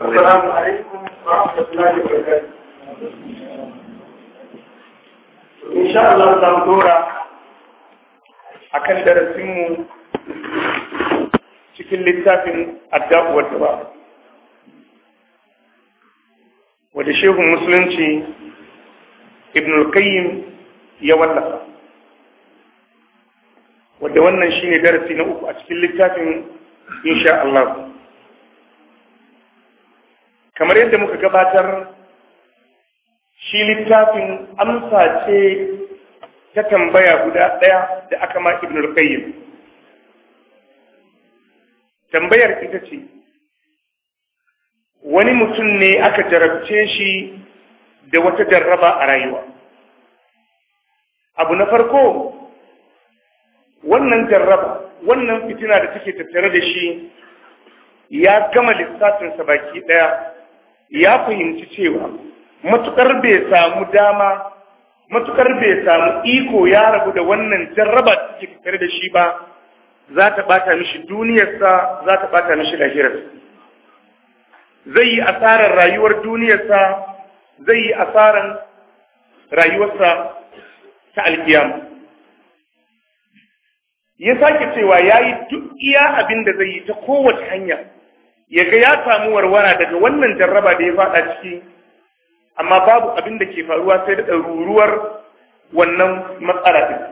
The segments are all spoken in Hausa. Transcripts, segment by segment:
السلام عليكم ورحمة الله وبركاته إن شاء الله تعالى akan darasinmu cikin littafin addabuwar da ba wadda shehun musulunci ibn al-qayyim ya wallafa wadda wannan shine darasi na uku a cikin littafin insha Allah kamar yadda muka gabatar shi littafin amsa ce ta tambaya guda ɗaya da aka ma ibn al tambayar ita ce wani mutum ne aka jarabce shi da wata jarraba a rayuwa abu na farko wannan jarraba wannan fitina da take tattare da shi ya gama lissafinsa baki ɗaya ya fahimci cewa matukar bai samu dama matukar bai samu iko ya rabu da wannan jarraba da take tare da shi ba za ta bata mishi duniyarsa za ta bata mishi lahirarsa zai yi asarar rayuwar duniyarsa zai yi asarar rayuwarsa ta alkiyama ya sake cewa ya yi duk iya abin da zai yi ta kowace hanya ya ga ya samu warwara daga wannan jarraba da ya faɗa ciki amma babu abin da ke faruwa sai da ɗaruruwar wannan matsala din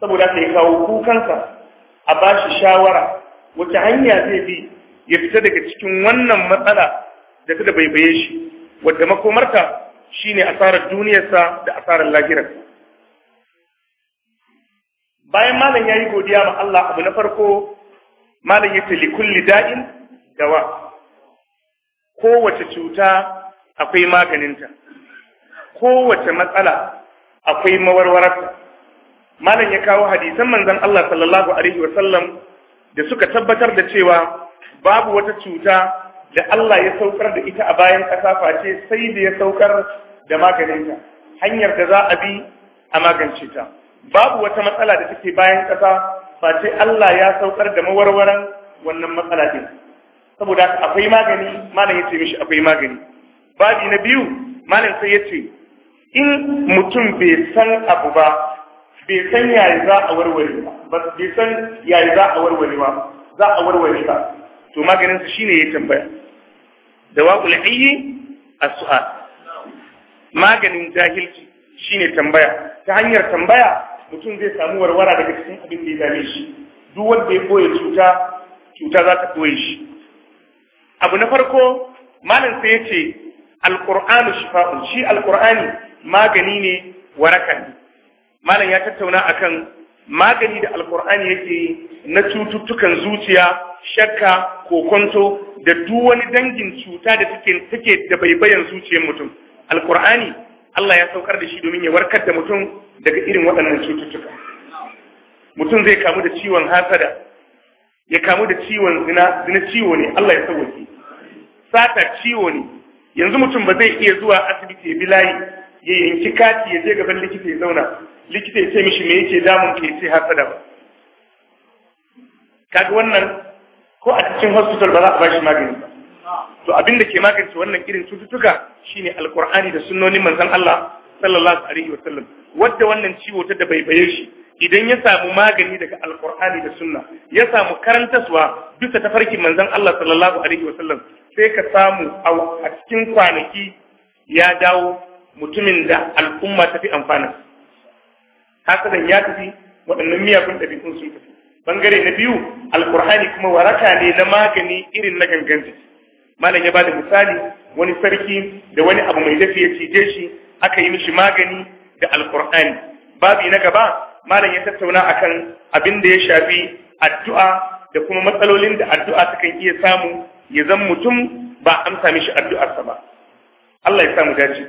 saboda ka ya kawo kukansa a ba shi shawara wata hanya zai bi ya fita daga cikin wannan matsala da ta da baibaye shi wadda makomarta shine asarar duniyarsa da asarar lahirarsa bayan malam ya yi godiya ma Allah abu na farko malam ya ce likulli da'in dawa kowace cuta akwai maganinta kowace matsala akwai mawarwararta malam ya kawo hadisan manzon Allah sallallahu alaihi wa sallam da suka tabbatar da cewa babu wata cuta da Allah ya saukar da ita a bayan ƙasa face sai da ya saukar da maganinta hanyar da za a bi a magance ta babu wata matsala da take bayan ƙasa face Allah ya saukar da mawarwaran wannan matsala din saboda akwai magani malam ya ce mishi akwai magani babi na biyu malam sai ya ce in mutum bai san abu ba bai san yayi za a warware ba bai san yayi za a warware ba za a warware ba to maganin sa shine ya tambaya Da waqul ayyi as-su'al maganin jahilci shine tambaya ta hanyar tambaya mutum zai samu warwara daga cikin abin da ya dame shi duk wanda ya koya cuta cuta za ta koye shi abu na farko malam sai ce alqur'anu shifa'un shi alqur'ani magani ne waraka ne malam ya tattauna akan magani da alqur'ani yake na cututtukan zuciya shakka kokonto da duk wani dangin cuta da take take da baibayan zuciyar mutum alqur'ani Allah ya saukar da shi domin ya warkar da mutum daga irin waɗannan cututtuka mutum zai kamu da ciwon hasada ya kamu da ciwon zina zina ciwo ne Allah ya sauke sata ciwo ne yanzu mutum ba zai iya zuwa asibiti ya bi layi ya yanki kati ya je gaban likita ya zauna likita ya ce mishi me yake damun ka ya ce da ba kaga wannan ko a cikin hospital ba za a bashi magani ba to abin da ke magance wannan irin cututtuka shine alkur'ani da sunnonin manzon Allah sallallahu alaihi wasallam wanda wannan ciwo ta dabaibaye shi idan ya samu magani daga alkur'ani da sunna ya samu karantaswa bisa ta tafarkin manzon Allah sallallahu alaihi wa sallam. sai ka samu a cikin kwanaki ya dawo mutumin da al'umma ta fi amfana hakan ya tafi waɗannan miyagun ɗabi'un sun tafi bangare na biyu alkur'ani kuma waraka ne na magani irin na ganganci. malam ya bada misali wani sarki da wani abu mai dafi ya cije shi aka yi mishi magani da alkur'ani babi na gaba malam ya tattauna akan abin da ya shafi addu'a da kuma matsalolin da addu'a takan iya samu ya zan mutum ba amsa mishi addu'arsa ba Allah ya samu dace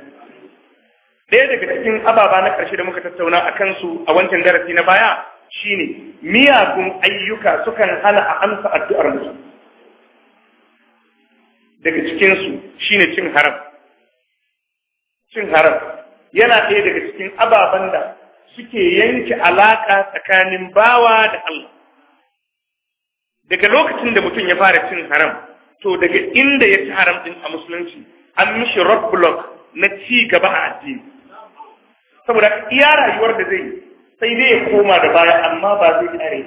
ɗaya daga cikin ababa na ƙarshe da muka tattauna a kansu a wancan darasi na baya shine miyagun ayyuka sukan hana a amsa addu'ar mutum daga cikinsu shine cin haram cin haram yana ɗaya daga cikin ababen da suke yanke alaƙa tsakanin bawa da Allah. Daga lokacin da mutum ya fara cin haram, to daga inda ya ci haram ɗin a musulunci, an mishi roadblock na ci gaba a addini. Saboda iya rayuwar da zai sai dai ya koma da baya amma ba zai tsare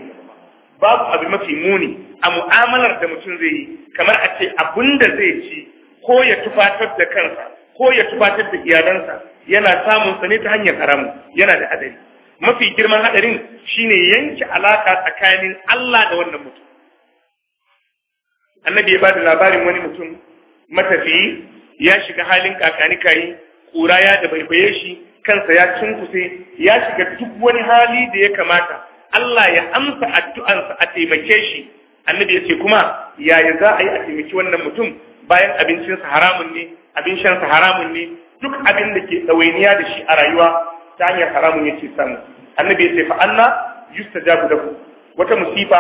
babu abu mafi muni a mu'amalar da mutum zai yi kamar a ce abun da zai ci ko ya tufatar da kansa ko ya tufatar da iyalansa yana samun sa ta hanyar haramu yana da hadari mafi girman hadarin shine yanke alaka tsakanin Allah da wannan mutum annabi ya bada labarin wani mutum matafiyi ya shiga halin kakani kura ya da baibaye shi kansa ya tunkuse ya shiga duk wani hali da ya kamata Allah ya amsa addu'ansa a taimake shi annabi ya ce kuma yaya za a yi a taimaki wannan mutum bayan abincinsa haramun ne abin shansa haramun ne duk abin da ke ɗawainiya da shi a rayuwa ta hanyar haramun yake samu annabi ya ce fa anna da ku. wata musifa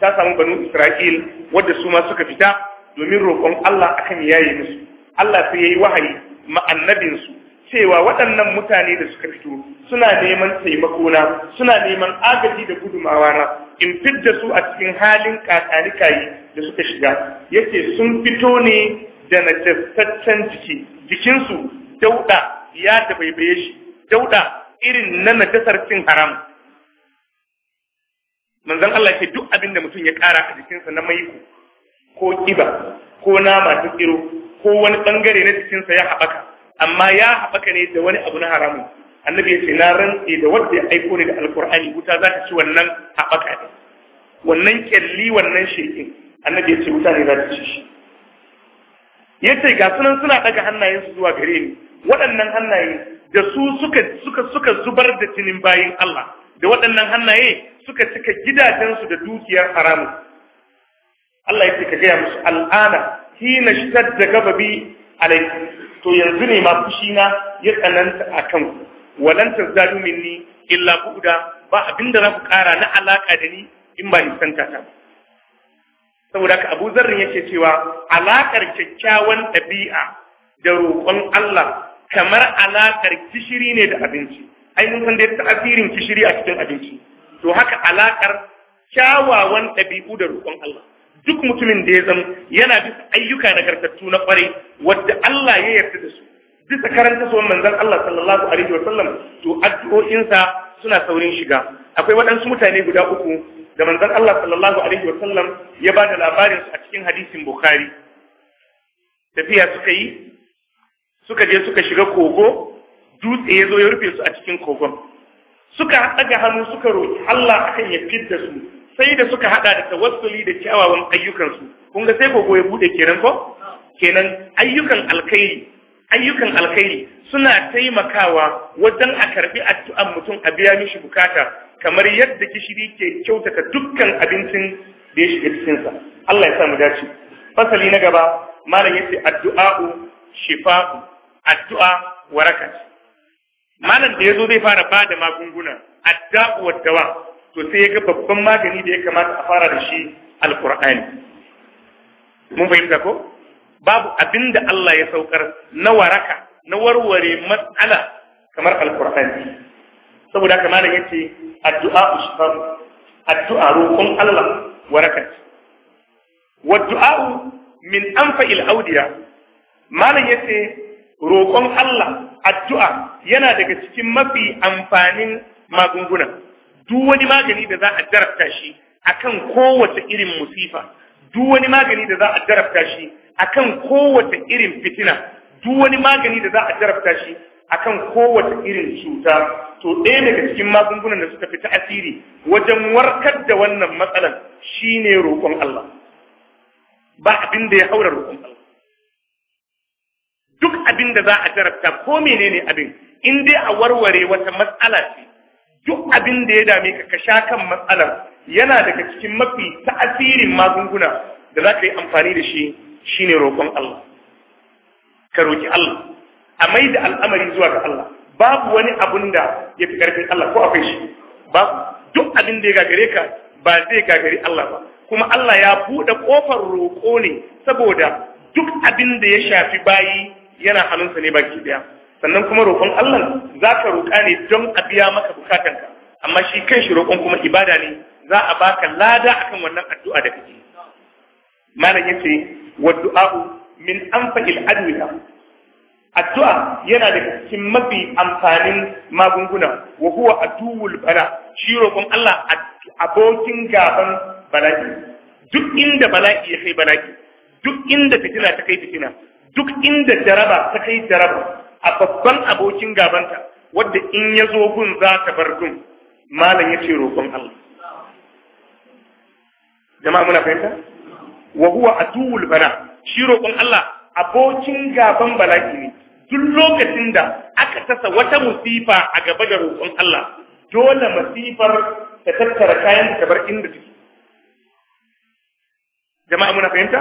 ta samu banu Isra'il wadda su ma suka fita domin roƙon Allah akan yayi musu Allah sai yi wahayi ma annabinsu cewa waɗannan mutane da suka fito suna neman taimakona, suna neman agaji da gudumawa na in fidda su a cikin halin kakanikayi da suka shiga yace sun fito ne da najastaccen jiki jikinsu dauda ya tabaibaye shi dauda irin na najasar cin haram manzon Allah ke duk abin da mutum ya kara a jikinsa na maiko ko kiba ko nama ta tsiro ko wani bangare na jikinsa ya haɓaka amma ya haɓaka ne da wani abu na haramun annabi ya ce na rantse da wanda ya aiko ne da alkur'ani wuta za ta ci wannan haɓaka ne wannan kyalli wannan shekin annabi ya ce wuta ne za ta ci shi ya ce ga sunan suna ɗaga hannayensu zuwa gare ni waɗannan hannaye da su suka suka suka zubar da jinin bayin Allah da waɗannan hannaye suka cika gidajensu da dukiyar haramun Allah ya ce ka gaya musu al'ana hina da gababi alaikum to yanzu ne ma fushina ya tsananta akan kan walan tazadu minni illa bu'da ba da za ku ƙara na alaƙa da ni in ba in ta saboda ka Abu Zarrin yake cewa alaƙar kyakkyawan ɗabi'a da roƙon Allah kamar alakar kishiri ne da abinci ai mun san da tasirin kishiri a cikin abinci to haka alakar kyawawan ɗabi'u da roƙon Allah duk mutumin da ya zama yana bisa ayyuka na karkatu na kwarai wadda Allah ya yarda da su bisa karanta suwan manzon Allah sallallahu alaihi wa sallam to addu'o'insa suna saurin shiga akwai waɗansu mutane guda uku da manzon Allah sallallahu alaihi wa sallam ya ba da labarin su a cikin hadisin Bukhari tafiya suka yi suka je suka shiga kogo dutse ya zo ya rufe su a cikin kogon suka ɗaga hannu suka roƙi Allah akan ya fidda su sai da suka haɗa da tawassuli da kyawawan ayyukansu kun ga sai kogo ya buɗe kenan ko kenan ayyukan alkhairi ayyukan alkhairi suna taimakawa wajen a karbi addu'an mutum a biya mishi bukata kamar yadda gishiri ke kyautata dukkan abincin da ya shiga cikinsa Allah ya sa mu dace fasali na gaba malam yace addu'a'u shifa'u addu'a waraka ce malam da yazo zai fara ba da magunguna addu'a wa dawa to sai ya ga babban magani da ya kamata a fara da shi alqur'ani mun fahimta ko babu abinda Allah ya saukar na waraka na warware matsala kamar alqur'ani saboda haka malam yace addu'a ushfar addu'a roƙon Allah waraka ce wa du'a min anfa'il awdiya malam yace roƙon Allah addu'a yana daga cikin mafi amfanin magunguna duk wani magani da za a jarabta shi akan kowace irin musifa duk wani magani da za a jarabta shi akan kowace irin fitina duk wani magani da za a jarabta shi akan kowace irin cuta to ɗaya daga cikin magungunan da suka fita asiri wajen warkar da wannan matsalan shine roƙon Allah ba abin da ya haura roƙon Allah duk abin da za a jarabta ko menene abin in dai a warware wata matsala ce duk abin da ya dame ka ka sha kan matsalar yana daga cikin mafi ta'asirin magunguna da za ka yi amfani da shi shine roƙon Allah ka roƙi Allah a mai da al'amari zuwa ga Allah babu wani abun da ya fi ƙarfin Allah ko akwai shi babu duk abin da ya gagare ka ba zai gagari Allah ba kuma Allah ya buɗe ƙofar roƙo ne saboda duk abin da ya shafi bayi yana hannunsa ne baki daya sannan kuma roƙon Allah za ka roƙa ne don a biya maka bukatanka amma shi kan shi roƙon kuma ibada ne za a baka lada akan wannan addu'a da kake malam yace wa du'a'u min anfa'il adwiya addu'a yana daga cikin mafi amfanin magunguna wa huwa aduwul bala shi roƙon Allah abokin gaban bala'i duk inda bala'i ya kai bala'i duk inda fitina ta kai fitina duk inda jaraba ta kai jaraba a babban abokin gabanta wadda in ya zo gun za ta bar gun malam ya ce roƙon Allah jama'a muna fahimta wa huwa aduwul bala shi roƙon Allah abokin gaban bala'i ne duk lokacin da aka tasa wata musifa a gaba da roƙon Allah dole masifar ta tattara kayan ta bar inda take jama'a muna fahimta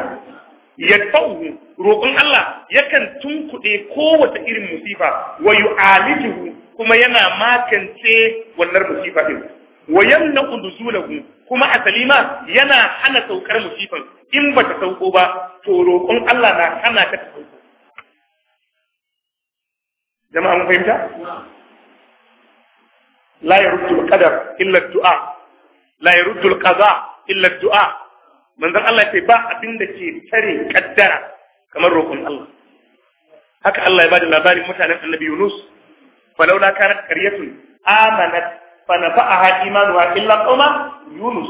yadfa'uhu roƙon Allah yakan tunkuɗe kowace irin musifa wa yu'alijuhu kuma yana makance wannan musifa din wa yamna'u nuzulahu kuma asali ma yana hana saukar musifan in bata sauko ba to roƙon Allah na hana ta sauko jama'a mun fahimta la yaruddu al-qadar illa ad-du'a la yaruddu al-qada illa ad-du'a manzon Allah ce ba abin da ke tare kaddara kamar roƙon Allah haka Allah ya bada labarin mutanen Annabi Yunus falaula kanat qaryatun amanat fanafa'aha imanuha illa qauma Yunus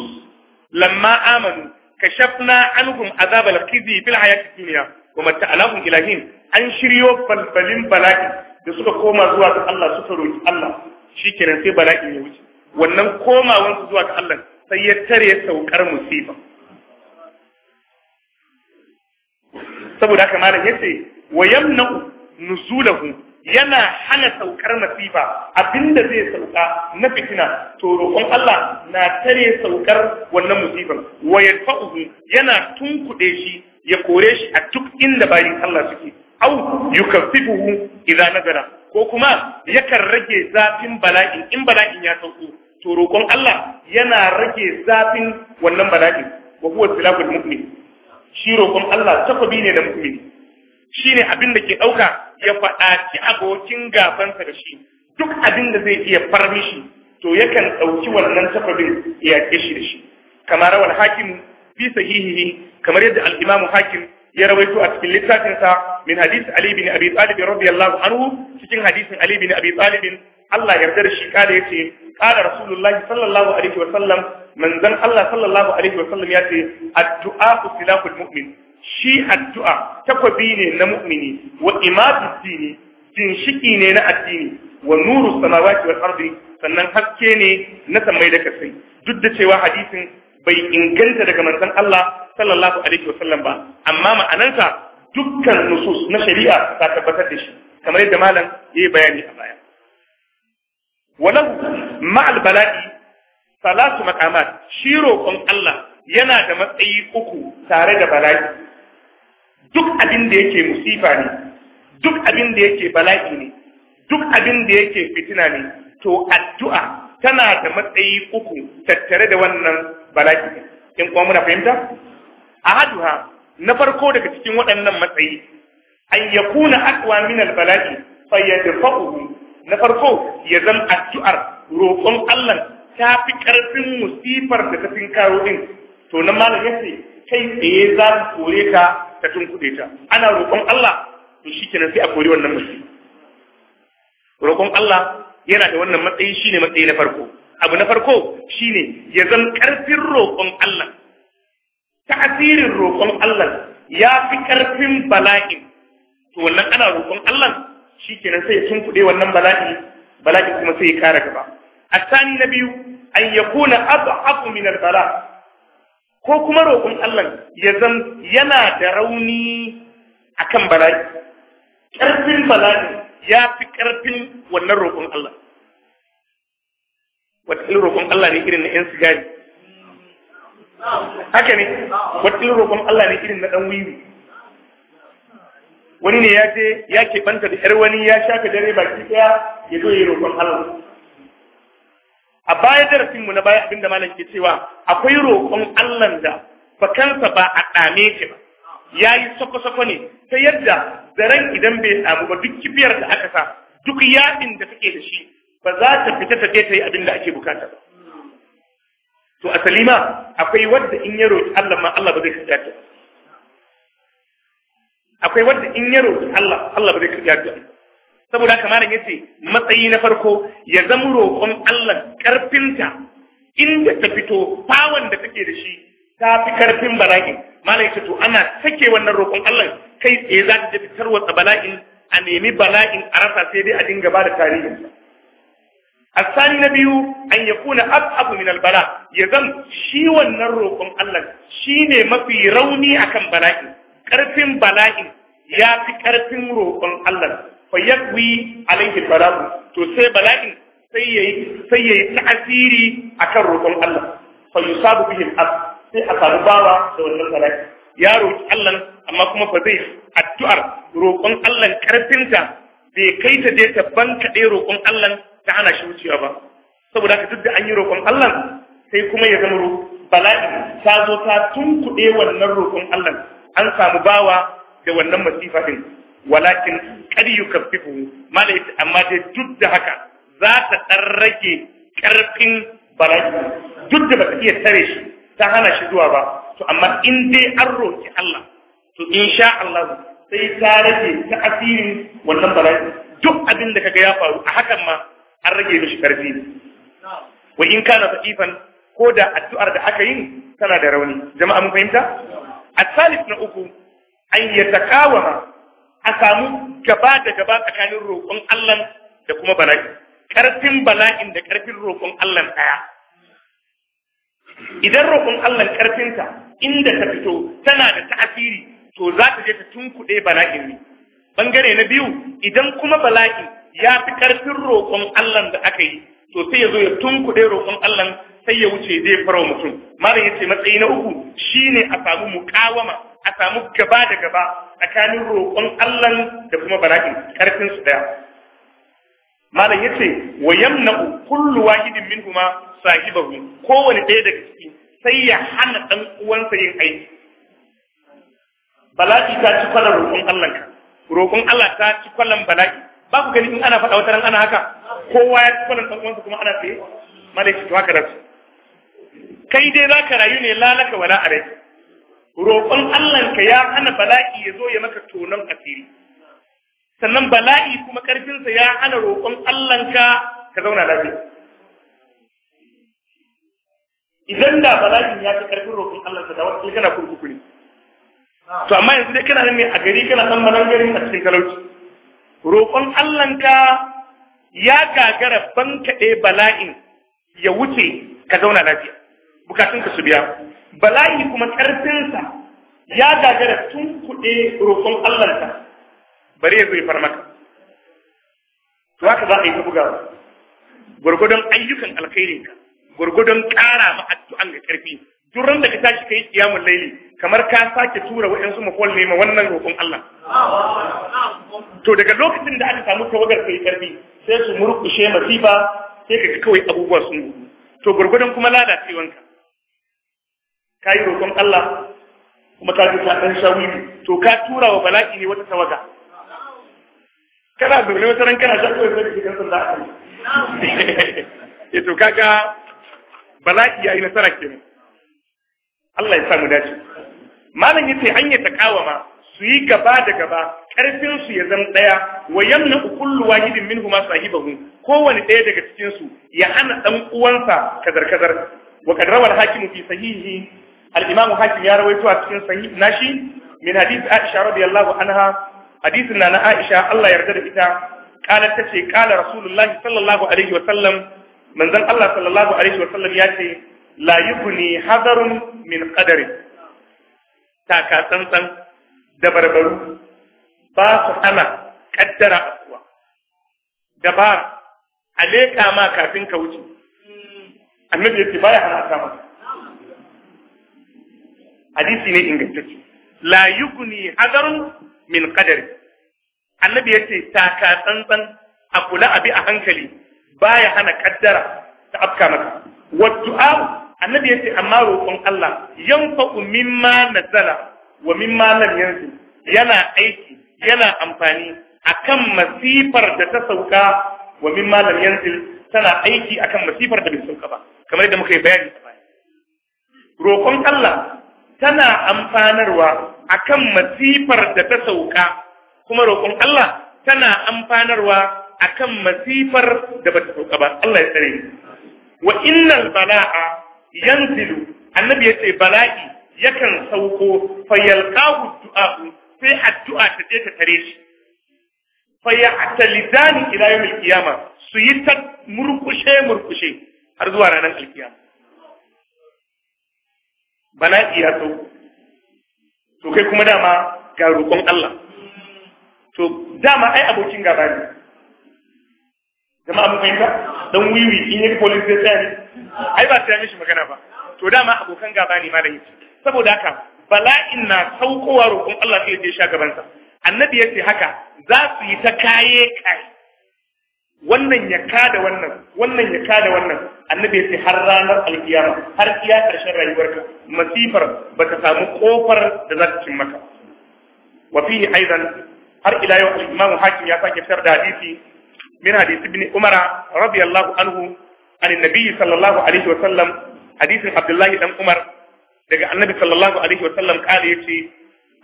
lamma amanu kashafna anhum azab al-khizy fil hayati dunya wa mata'alahum ilahin an shiryo balbalin bala'i da suka koma zuwa ga Allah suka roki Allah shikenan sai bala'in ya wuce wannan komawansu zuwa ga Allah sai ya tare saukar musiba saboda haka malam yace wa yamna'u nuzulahu yana hana saukar masifa abinda zai sauka na fitina to roƙon Allah na tare saukar wannan masifan. wa yadfa'uhu yana tunkuɗe shi ya kore shi a duk inda bayin Allah suke au yukaffifuhu idza nazara ko kuma yakan rage zafin bala'in in bala'in ya sauko to roƙon Allah yana rage zafin wannan bala'in wa huwa silahul mu'min shi roƙon Allah takobi ne da mu'mini shi ne abin da ke ɗauka ya faɗaci abokin gabansa da shi duk abin da zai iya far mishi to yakan ɗauki wannan takobin ya yaƙe shi da shi kamar rawar hakim fi sahihihi kamar yadda alimamu hakim ya rawaito a cikin littafinsa min hadisi Ali bin Abi Talib radiyallahu anhu cikin hadisin Ali bin Abi Talib Allah yarda da shi kada yace kada rasulullahi sallallahu alaihi wa sallam manzon Allah sallallahu alaihi wa sallam yace addu'a silahul mu'min shi addu'a takwabi ne na mu'mini wa imadu dini ginshiki ne na addini wa nuru samawati wal ardi sannan haske ne na samai da kasai duk da cewa hadisin bai inganta daga manzon Allah sallallahu alaihi wa sallam ba amma ma'anarsa dukkan nusus na shari'a ta tabbatar da shi kamar yadda malam yayi bayani a baya walahu ma'al bala'i salatu maqamat shi roƙon Allah yana da matsayi uku tare da bala'i duk abin da yake musifa ne duk abin da yake bala'i ne duk abinda da yake fitina ne to addu'a tana da matsayi uku tattare da wannan bala'i in kuma muna fahimta ahaduha na farko daga cikin waɗannan matsayi an yakuna aqwa min al-bala'i fayadfa'uhu na farko ya zan addu'ar roƙon Allah ta fi ƙarfin musifar da ta karo din to nan malam ce kai tsaye za su kore ka ta tun kuɗe ta ana roƙon Allah to shi kenan sai a kore wannan musifa roƙon Allah yana da wannan matsayi shine matsayi na farko abu na farko shine ya zan ƙarfin roƙon Allah ta'asirin roƙon Allah ya fi ƙarfin bala'in to wannan ana roƙon Allah Shi shikenan sai ya tunkuɗe wannan bala'i bala'i kuma sai ya kara gaba asani na biyu an kuna abu abu minar bala ko kuma roƙon Allah ya zan yana da rauni akan bala'i ƙarfin bala'i ya fi ƙarfin wannan roƙon Allah wata roƙon Allah ne irin na 'yan sigari haka ne wata roƙon Allah ne irin na ɗan wiwi wani ne ya je ya keɓanta da ‘yar wani ya shafe dare baki ɗaya ya zo ya roƙon Allah. A baya darasinmu na baya abinda malam ke cewa akwai roƙon Allah da fakansa ba a ɗame shi ba. Ya yi sako-sako ne ta yadda zaren idan bai samu ba duk kibiyar da aka sa duk yaɗin da take da shi ba za ta fita ta ta yi abin da ake bukata ba. To a salima akwai wadda in ya roƙi Allah ma Allah ba zai kasa akwai wanda in ya roƙi Allah Allah ba zai karɓi addu'a saboda haka malam yace matsayi na farko ya zama roƙon Allah karfinta inda ta fito fawon da take da shi ta fi karfin bala'i malam yace to ana sake wannan roƙon Allah kai tsaye za ta je tarwatsa bala'in a nemi bala'in a rasa sai dai a dinga ba da tarihin kuna نبي abu min albara ya zan shi wannan roƙon Allah shi ne mafi rauni akan bala'i ƙarfin bala'in ya fi ƙarfin roƙon Allah fa yakwi alaihi balagu to sai bala'in sai yayi sai yayi ta'asiri akan roƙon Allah fa yusabu bihi al sai a samu da wannan bala'i ya roƙi Allah amma kuma fa zai addu'ar roƙon Allah ƙarfinta bai kai ta je ta kaɗe roƙon Allah ta hana shi wucewa ba saboda haka duk da an yi roƙon Allah sai kuma ya zama bala'i ta zo ta tunkuɗe wannan roƙon Allah an samu bawa da wannan masifa din walakin kad yukaffifu malai amma dai duk da haka za ta rage ƙarfin bala'i duk da ba ta iya tare shi ta hana shi zuwa ba to amma in dai an roki Allah to insha Allah sai ta rage ta asirin wannan bala'i duk abin da kaga ya faru a hakan ma an rage mishi karfi wa in kana da'ifan ko da addu'ar da aka yi tana da rauni jama'a mun fahimta A الثالث نأكو أن يتكاوم أسامو gaba da gaba tsakanin roƙon Allah da kuma bala'i ƙarfin bala'in da ƙarfin roƙon Allah ɗaya idan roƙon Allah ƙarfinta inda ta fito tana da ta'asiri to za ta je ta tunkuɗe bala'in ne bangare na biyu idan kuma bala'i ya fi ƙarfin roƙon Allah da aka yi to sai ya zo ya tunkuɗe roƙon Allah sai ya wuce zai fara wa mutum malam yace matsayi na uku shine a samu muqawama a samu gaba da gaba tsakanin roƙon Allah da kuma bala'in karfin su daya malam yace wa yamna'u kullu wahidin minhuma sahibahu kowane ɗaya daga ciki sai ya hana dan uwansa yin aiki bala'i ta ci kwalan roƙon Allah ka roƙon Allah ta ci kwalan bala'i ba ku gani in ana faɗa wata ran ana haka kowa ya ci kwalan dan uwansa kuma ana tsaye malai to haka da su kai dai za ka rayu ne lalaka wala a rai roƙon Allahnka ya hana bala'i ya zo ya maka tonon asiri sannan bala'i kuma ƙarfinsa ya hana roƙon Allahnka ka zauna lafiya idan da bala'in ya fi ƙarfin roƙon Allahnka da wasu kana kurkuku ne to amma yanzu dai kana nan ne a gari kana san garin a cikin talauci roƙon Allahnka ya gagara bankaɗe bala'in ya wuce ka zauna lafiya bukatunka su biya bala'i kuma ƙarfinsa ya gagara tun kuɗe roƙon Allahnta bari ya zo ya farmaka to haka za a yi ta bugawa gwargwadon ayyukan alkhairinka gwargwadon ƙara ma addu'an ga ƙarfi duk ran da ka tashi kai kiyamul laili kamar ka sake tura wa'ansu mafol ne ma wannan roƙon Allah to daga lokacin da aka samu tawagar kai ƙarfi sai su murƙushe masifa sai ka kawai abubuwa sun to gwargwadon kuma lalacewanka ka yi roƙon Allah kuma ka ji ta ɗan shawili to ka tura wa bala'i ne wata tawaga kana zaune wata ran kana shaƙo yasa da shi kan sanda a kai to kaga bala'i ya yi nasara kenan Allah ya samu dace malam ya ce an yi takawama su yi gaba da gaba karfin su ya zama ɗaya wa yamna kullu wahidin minhuma sahibahu kowane ɗaya daga cikin su ya hana ɗan uwansa kazar kazar wa kadrawal hakimu fi sahihi al-imam hakim ya rawaito a cikin sahih nashi min hadisi aisha radiyallahu anha hadisin na na aisha Allah yarda da ita kala tace kala rasulullah sallallahu alaihi wa sallam manzon Allah sallallahu alaihi wa sallam ya ce la yubni hadarun min qadari taka tsantsan da barbaru ba su hana kaddara asuwa dabara a leka ma kafin ka wuce annabi ya ce baya hana ta hadisi ne ingantacce la yuguni hadarun min qadari annabi ya ce taka tsantsan a kula abi a hankali baya hana kaddara ta afka maka wa du'a annabi yace amma roƙon Allah yan yanfa'u mimma nazala wa mimma lam yanzu yana aiki yana amfani akan masifar da ta sauka wa mimma lam yanzu tana aiki akan masifar da bai sauka ba kamar yadda muka yi bayani ta baya roƙon Allah tana amfanarwa akan masifar da ta sauka kuma roƙon Allah tana amfanarwa akan masifar da ta sauka ba Allah ya tsare wa innan bala'a yanzilu annabi ya ce bala'i yakan sauko fa yalqahu du'a'u sai addu'a ta je ta tare shi fa ya'talizani ila yawmil qiyama su yi ta murkushe murkushe har zuwa ranar alkiyama bala'i ya so to kai kuma dama ga roƙon Allah to dama ai abokin gaba ne jama'a kai ka dan wiwi in yi police da tsari ai ba sai mishi magana ba to dama abokan gaba ne malami saboda haka bala'in na saukowa roƙon Allah sai ya je sha gabansa annabi ya ce haka za su yi ta kaye kaye wannan ya kada wannan wannan ya kada wannan annabi ya ce har ranar alkiyama har iya karshen rayuwarka masifar ba ta samu kofar da za ta cin maka wa fihi aidan har ila yau al-imam hakim ya sake fitar da hadisi min hadisi ibn umara radiyallahu anhu an annabi sallallahu alaihi wa sallam hadisin abdullahi dan umar daga annabi sallallahu alaihi wa sallam kale yace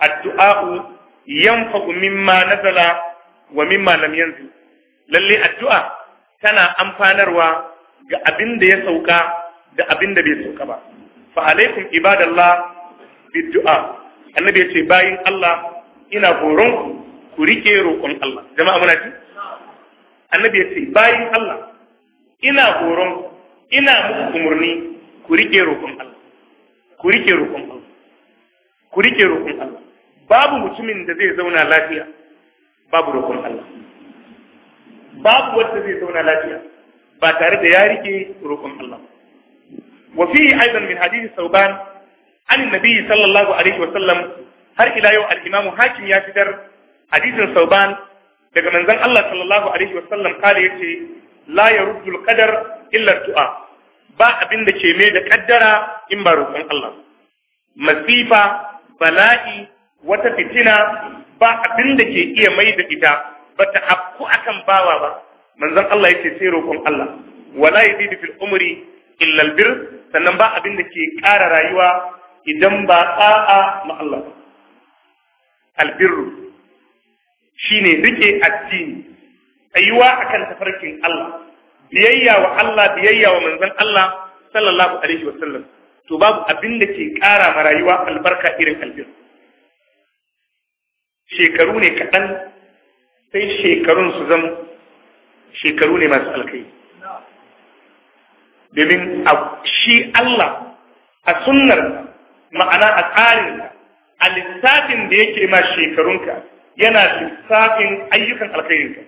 addu'a yanfa'u mimma nazala wa mimma lam yanzil lalle addu'a tana amfanarwa ga abin da ya sauka da abin da bai sauka ba fa alaikum ibadallah biddu'a annabi yace bayin Allah ina horon ku ku rike roƙon Allah jama'a muna ji annabi yace bayin Allah ina horon ina muku umurni ku rike roƙon Allah ku rike roƙon Allah ku rike roƙon Allah babu mutumin da zai zauna lafiya babu roƙon Allah babu wanda zai zauna lafiya ba tare da ya rike roƙon Allah wa fihi aidan min hadith sauban an sallallahu alaihi wa sallam har ila yau al-imam ya fitar hadithin sauban daga manzon Allah sallallahu alaihi wa sallam kale yace la yaruddul qadar illa du'a ba abin da ke mai da ƙaddara in ba roƙon Allah masifa bala'i wata fitina ba abin da ke iya mai da ita bata afku akan bawa ba manzon Allah yace sai roƙon Allah wala yazidu fil umri illa al bir sannan ba abin da ke ƙara rayuwa idan ba tsa'a ma Allah al birru shine rike addini tsayuwa akan tafarkin Allah biyayya wa Allah biyayya wa manzon Allah sallallahu alaihi wa sallam to babu abin da ke ƙara ma rayuwa albarka irin albir shekaru ne kaɗan sai shekarun su zama shekaru ne masu alkai domin shi Allah a sunnar ma'ana a tsarin a lissafin da yake ma shekarunka yana lissafin ayyukan alkairinka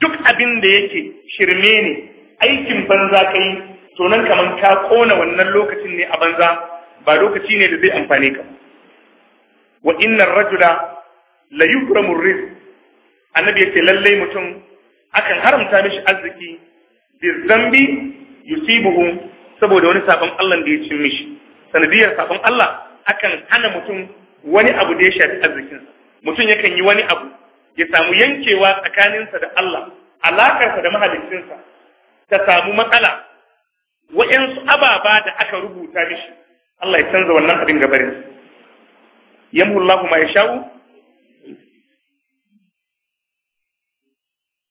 duk abin da yake shirme ne aikin banza kai to nan kamar ka kona wannan lokacin ne a banza ba lokaci ne da zai amfane ka wa innar rajula la yuhramu rizq annabi yace lalle mutum akan haramta mishi arziki bi zambi yusibuhu saboda wani sabon Allah da ya cin mishi sanadiyar sabon Allah akan hana mutum wani abu da ya shafi arzikinsa mutum yakan yi wani abu ya samu yankewa tsakaninsa da Allah alakarsa da mahaliccinsa, ta samu matsala wa'yansu ababa da aka rubuta mishi Allah ya canza wannan abin gabarin yamhullahu ma yasha'u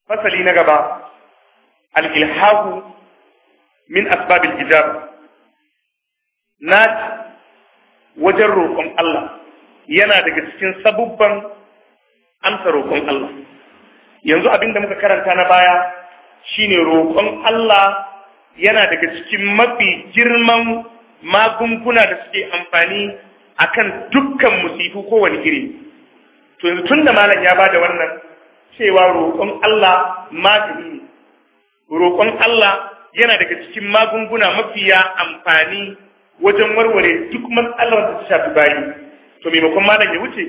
fasali na gaba al-ilhahu min asbabil ijab na wajen roƙon Allah yana daga cikin sabubban amsa roƙon Allah yanzu abin da muka karanta na baya shine roƙon Allah yana daga cikin mafi girman magunguna da suke amfani akan dukkan musifu kowane iri to yanzu malam ya bada wannan cewa roƙon Allah magani ne roƙon Allah yana daga cikin magunguna mafiya amfani wajen warware duk matsalar da ta shafi bayi to maimakon malam ya wuce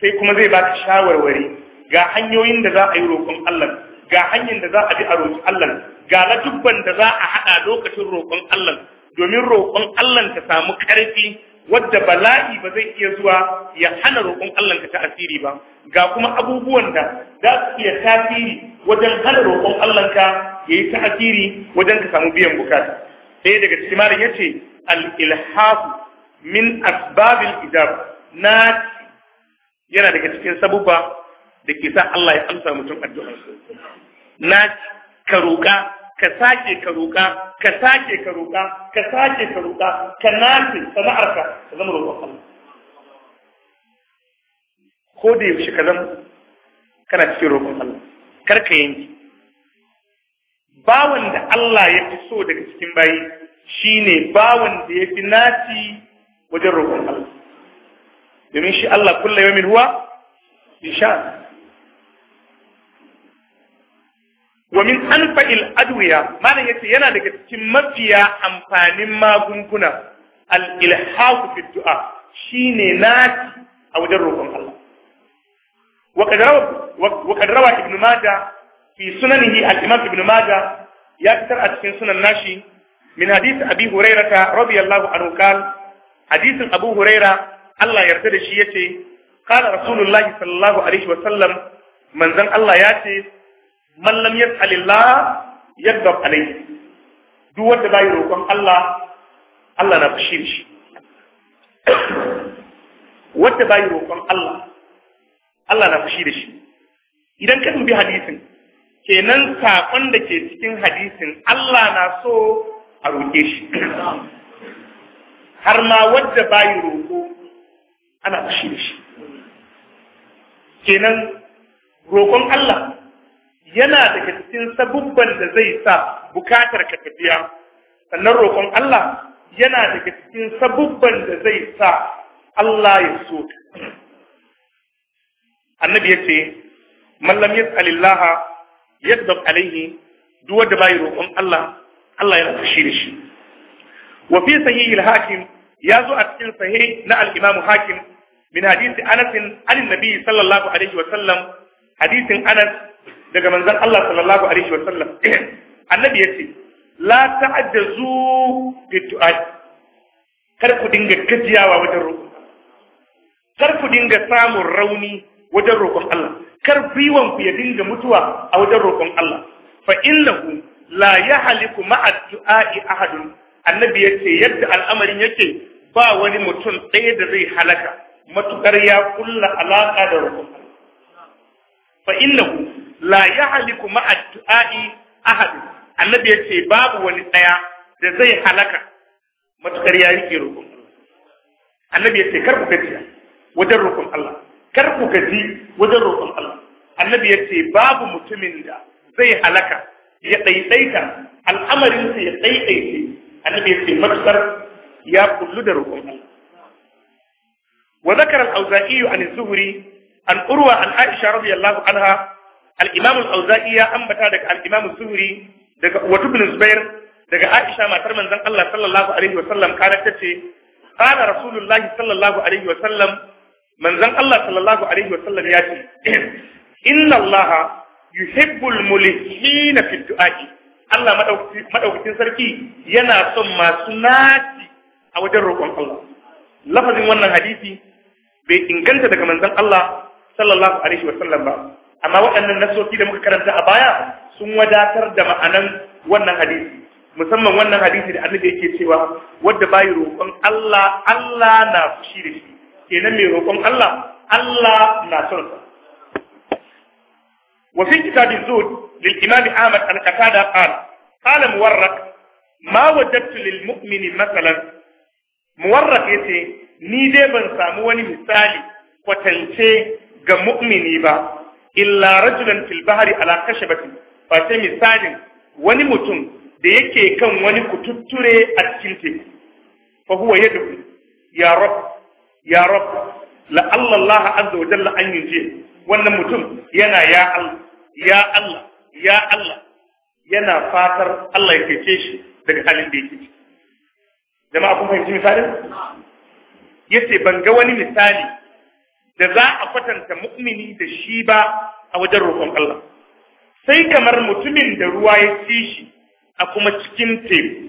sai kuma zai ba baka shawarwari ga hanyoyin da za a yi roƙon Allah ga hanyar da za a bi a roƙi Allah ga ladubban da za a haɗa lokacin roƙon Allah domin roƙon Allah ta samu ƙarfi wadda bala'i ba zai iya zuwa ya hana roƙon Allah ka ta ba ga kuma abubuwan da za su iya tasiri wajen hana roƙon Allah ka yayi ta asiri wajen ka samu biyan bukata sai daga cikin malam yace al ilhafu min asbabil ijab na yana daga cikin sabuba da ke sa Allah ya amsa mutum addu'a na ka roƙa ka sake ka roƙa ka sake ka roƙa ka sake ka roƙa ka nace sana'arka ka zama roƙon Allah ko da yaushe ka zama kana cikin roƙon Allah kar ka yanki bawan da Allah ya fi so daga cikin bayi shine bawan da ya fi naci wajen roƙon Allah domin shi Allah kullum yamin huwa bi sha'an wa min anfa'il adwiya malam yace yana daga cikin mafiya amfanin magunguna al ilhaqu fi du'a shine naci a wajen roƙon Allah wa ibn majah fi sunanihi al imam ibn majah ya fitar a cikin sunan nashi min hadith abi hurairata radiyallahu anhu qala hadisin abu huraira Allah yarda da shi yace qala rasulullahi sallallahu alaihi wa sallam manzon Allah ya ce man lam yas'alillah yaghdab alayhi duk wanda bai roƙon Allah Allah na fushi shi wanda bai roƙon Allah Allah na fushi da shi idan ka dubi hadisin kenan sakon da ke cikin hadisin Allah na so a roƙe shi har ma wanda bai roƙo ana fushi da shi kenan roƙon Allah yana daga cikin sabubban da zai sa bukatar ka tafiya sannan roƙon Allah yana daga cikin sabubban da zai sa Allah ya so ka annabi ya ce mallam ya tsalillaha yadda duk wanda bai roƙon Allah Allah yana fushi da shi wa fi sahihil hakim ya zo a cikin sahih na al-imamu hakim min hadisi Anas an annabi sallallahu alaihi wa sallam hadisin Anas daga manzon Allah sallallahu alaihi wa sallam annabi yace la ta'ajjazu bi du'a kar ku dinga gajiyawa wajen roƙo kar ku dinga samun rauni wajen roƙon Allah kar biwan ku ya dinga mutuwa a wajen roƙon Allah fa innahu la yahliku ma'a du'a'i ahadun annabi yace yadda al'amarin yake ba wani mutum ɗaya da zai halaka matukar ya kulla alaka da roƙon Allah fa innahu la yahliku ma'a du'a'i ahad annabi ya ce babu wani ɗaya da zai halaka matukar ya rike roƙon Allah annabi ce kar ku gaji wajen roƙon Allah kar ku gaji wajen roƙon Allah annabi ya ce babu mutumin da zai halaka ya ɗaiɗaita, al'amarinsa ya ɗaiɗaita. annabi ya ce matukar ya kullu da roƙon Allah wa zakara al-auza'i an az-zuhri an urwa an aisha radiyallahu anha al-imam al-auza'i ya ambata daga al-imam daga watu bin zubair daga aisha matar manzan Allah sallallahu alaihi wasallam kana ce, kana rasulullahi sallallahu alaihi wasallam Manzan Allah sallallahu alaihi wasallam ya ce inna Allah yuhibbul mulhina fi du'a'i Allah madaukakin sarki yana son masu naci a wajen roƙon Allah lafazin wannan hadisi bai inganta daga manzan Allah sallallahu alaihi wasallam ba amma waɗannan nasoki da muka karanta a baya sun wadatar da ma'anan wannan hadisi musamman wannan hadisi da annabi yake cewa wanda bai roƙon Allah Allah na fushi da shi kenan mai roƙon Allah Allah na son sa wa fi kitabiz zuhd lil imam Ahmad al-Qatada qala qala muwarraq ma wajadtu lil mu'mini masalan muwarraq yace ni dai ban samu wani misali kwatance ga mu'mini ba illa rajulan fil bahri ala kashabatin fa sai misalin wani mutum da yake kan wani kututture a cikin teku fa huwa yadu ya rab ya rab la Allah azza wa jalla an yuje wannan mutum yana ya Allah ya Allah ya Allah yana fatar Allah ya cece shi daga halin da yake ciki jama'a kun fahimci misalin yace ban ga wani misali da za a kwatanta mu'mini da shi ba a wajen roƙon Allah sai kamar mutumin da ruwa ya ci shi a kuma cikin teku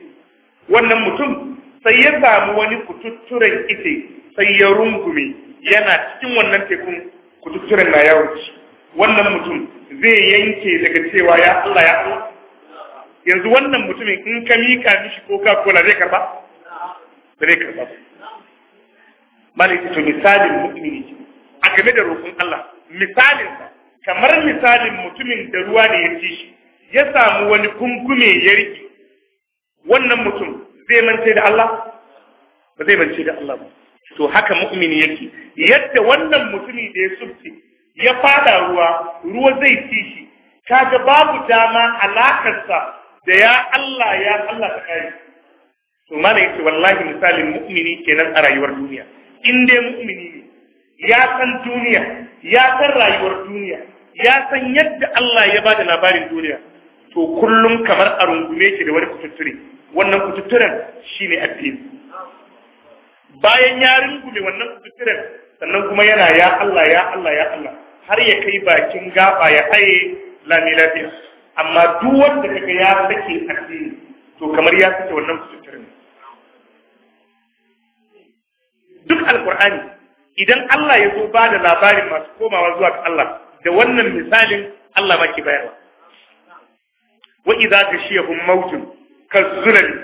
wannan mutum sai ya samu wani kututturen ite sai ya rungume yana cikin wannan tekun kututturen na yawon ci wannan mutum zai yanke daga cewa ya Allah ya Allah yanzu wannan mutumin in ka mika mishi ko ka kola zai karba ba zai karba ba malaka to misalin mu'mini a game da roƙon Allah misalinsa kamar misalin mutumin da ruwa ne ya ci shi ya samu wani kungume ya riƙe wannan mutum zai mance da Allah ba zai mance da Allah ba to haka mu'mini yake yadda wannan mutumi da ya subce ya fada ruwa ruwa zai ci shi kaga babu dama alakarsa da ya Allah ya Allah ta kai to mana yace wallahi misalin mu'mini kenan a rayuwar duniya in dai mu'mini ya san duniya ya san rayuwar duniya ya san yadda Allah ya ba bada labarin duniya to kullum kamar a rungume ki da wani kututture wannan kututturen shine addini bayan ya rungume wannan kututturen sannan kuma yana ya Allah ya Allah ya Allah har ya kai bakin gaba ya haye lami lafiya amma duk wanda kaga ya sake addini to kamar ya sake wannan kututturen duk alqur'ani idan Allah ya zo ba da labarin masu komawa zuwa ga Allah da wannan misalin Allah maki bayarwa wa idza tashiyahum mautun kazzulani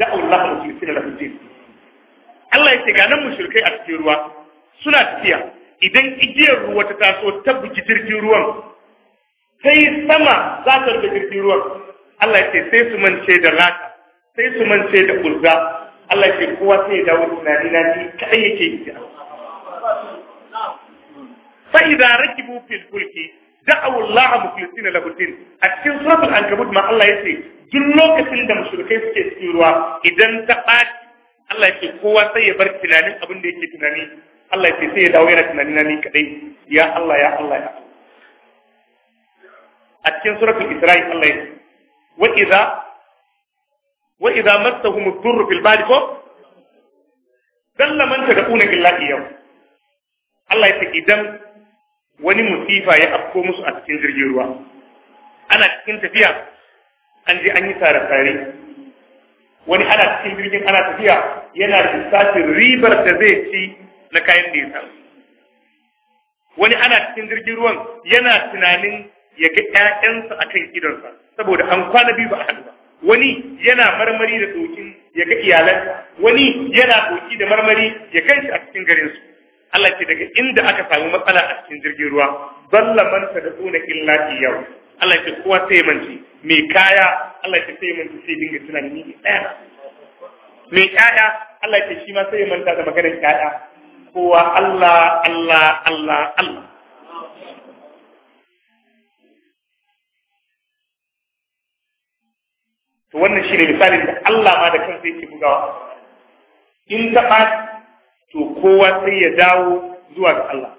da Allah mukhlisin da din Allah ce ga nan mushrikai a cikin ruwa suna tafiya idan igiyar ruwa ta taso ta buki jirgin ruwan sai sama za ta rufe jirgin ruwan Allah ce sai su mance da raka sai su mance da ulza Allah ce kowa sai ya dawo tunani na ni kai yake yi fa idza rakibu fil fulki da'aw Allah mukhlisina lahu din a cikin suratul ankabut ma Allah yace duk lokacin da mushrikai suke cikin ruwa idan ta da yake ya wani musifa ya afko musu a cikin jirgin ruwa ana cikin tafiya an je an yi tsare-tsare wani ana cikin jirgin ana tafiya yana lissafin ribar da zai ci na kayan da ya samu wani ana cikin jirgin ruwan yana tunanin ya ga 'ya'yansa a kan idonsa saboda an kwana biyu ba a hannu ba wani yana marmari da tsokin ya ga iyalansa wani yana tsoki da marmari ya ganshi a cikin garinsu Allah ce daga inda aka samu matsala a cikin jirgin ruwa dalla man na illa yau Allah ce kowa sai manci mai kaya Allah ce sai manci sai dinga tunani ni ɗaya mai kaya, Allah ce shi ma sai manta da maganar ƴaƴa kowa Allah Allah Allah Allah to wannan shine misalin da Allah ma da kansa yake bugawa in ta to kowa sai ya dawo zuwa ga Allah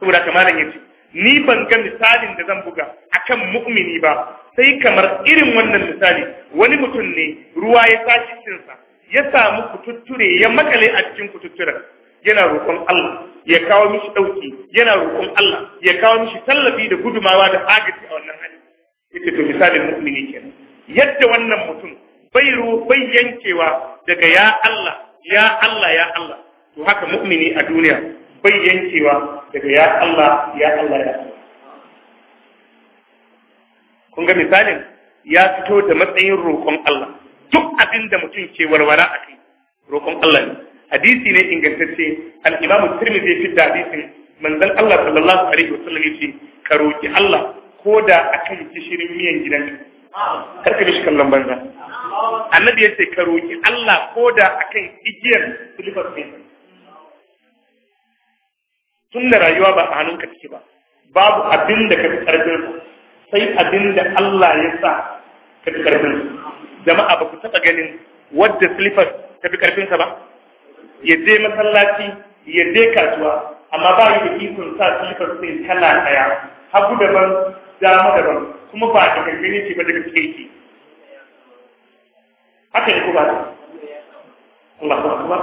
saboda kamalan yace ni ban ga misalin da zan buga akan mu'mini ba sai kamar irin wannan misali wani mutum ne ruwa ya tashi cinsa ya samu kututture ya makale a cikin kututturen yana roƙon Allah ya kawo mishi ɗauki yana roƙon Allah ya kawo mishi tallafi da gudumawa da agaji a wannan hali yace to misalin mu'mini kenan yadda wannan mutum bai bai yankewa daga ya Allah ya Allah ya Allah to haka mu'mini a duniya bai yankewa daga ya Allah ya Allah ya kun ga misalin ya fito da matsayin roƙon Allah duk abin da mutum ke warwara a kai roƙon Allah ne hadisi ne ingantacce al-Imam Tirmidhi fi hadisin manzon Allah sallallahu alaihi wasallam yace ka roki Allah ko da akan kishirin miyan gidan ka. kar ka shi kallon banza annabi yace ka roki Allah ko da akan igiyar silifar kai tunda rayuwa ba a hannunka take ba babu abin da ka fi karfin sai abin da Allah ya sa ka fi karfin jama'a ba ku taɓa ganin wadda silifar ta fi karfinsa ba ya je masallaci ya je kasuwa amma ba yi da ikon sa silifar sai kala daya hagu daban dama daban kuma ba da karfin ce ba daga cikin yake haka ne ku ba Allah ba.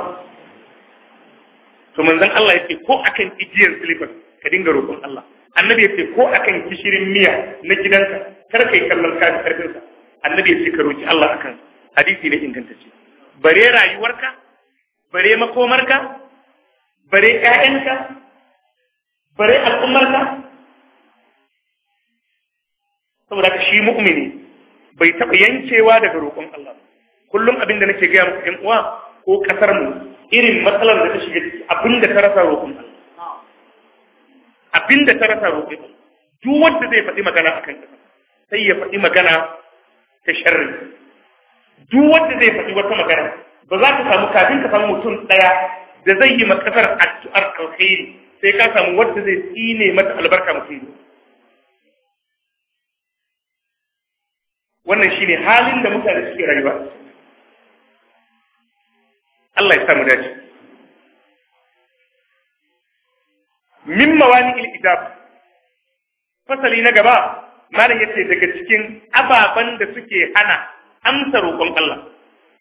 to manzon Allah yace ko akan igiyar silifas ka dinga roƙon Allah annabi yace ko akan kishirin miya na gidanka kar kai kallon kafi karfin sa annabi yace ka roki Allah akan hadisi ne ingantacce bare rayuwarka bare makomarka bare ƴaƴanka bare al'ummarka saboda ka shi mu'mini bai taɓa yankewa daga roƙon Allah kullum abin da nake gaya muku ƴan uwa ko ƙasar mu irin matsalar da ta shiga ciki abinda ta rasa roƙon Allah abinda ta rasa roƙon duk wanda zai faɗi magana akan ka sai ya faɗi magana ta sharri duk wanda zai faɗi wata magana ba za ka samu kafin ka samu mutum ɗaya da zai yi makasar addu'ar alkhairi sai ka samu wanda zai tsine mata albarka mutum wannan shine halin da mutane suke rayuwa Allah ya samu dace min mawani il ijab fasali na gaba malam yace daga cikin ababan da suke hana amsa roƙon Allah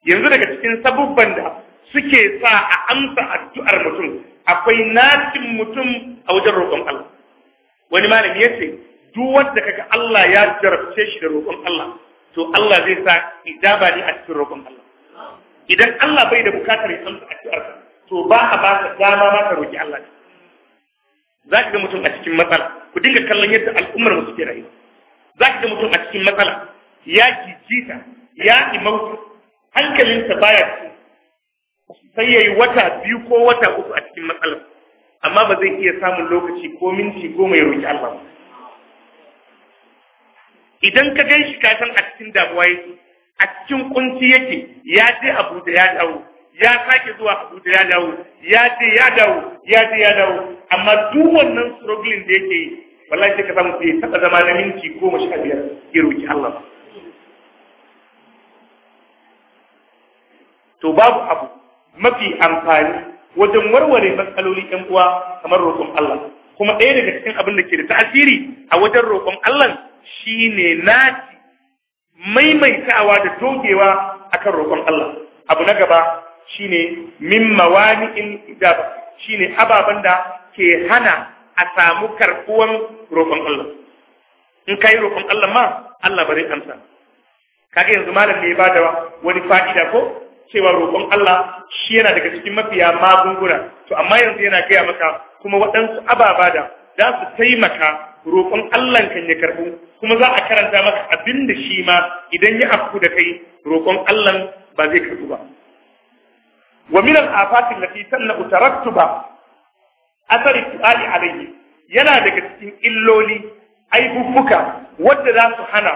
yanzu daga cikin sabubban da suke sa a amsa addu'ar mutum akwai nacin mutum a wajen roƙon Allah wani malami yace duk wanda kaga Allah ya jarabce shi da roƙon Allah to Allah zai sa ijaba ne a cikin roƙon Allah idan Allah bai da bukatar ya amsa addu'ar to ba a ba ka dama ma ka roki Allah za ki ga mutum a cikin matsala ku dinga kallon yadda al'ummar mu suke rayuwa za ki ga mutum a cikin matsala ya jijita ya imauta hankalinsa baya cikin sai ya yi wata biyu ko wata uku a cikin matsalar amma ba zai iya samun lokaci ko minti goma ya roki Allah ba idan ka gan shi ka a cikin damuwa yake a cikin kunci yake ya je Abuja ya dawo ya sake zuwa Abuja ya dawo ya je ya dawo ya je ya dawo amma duk wannan struggling da yake yi wallahi sai ka samu sai taba zama na minti goma sha biyar ya roki Allah to babu abu mafi amfani wajen warware matsaloli ɗan uwa kamar roƙon Allah kuma ɗaya daga cikin abin da ke da ta'asiri a wajen roƙon Allah shine naci maimaitawa da dogewa akan roƙon Allah abu na gaba shine min mawani'il ijaba shine ababen da ke hana a samu karɓuwan roƙon Allah in kai roƙon Allah ma Allah bari amsa kaga yanzu malam ne ba bada wani fa'ida ko cewa roƙon Allah shi yana daga cikin mafiya magunguna to amma yanzu yana gaya maka kuma waɗansu ababa da za su taimaka roƙon Allah kan ya karɓu kuma za a karanta maka abin da shi ma idan ya afku da kai roƙon Allah ba zai karɓu ba wa min al-afati allati tanna utarattuba athari su'ali alayhi yana daga cikin illoli aibubbuka wadda za su hana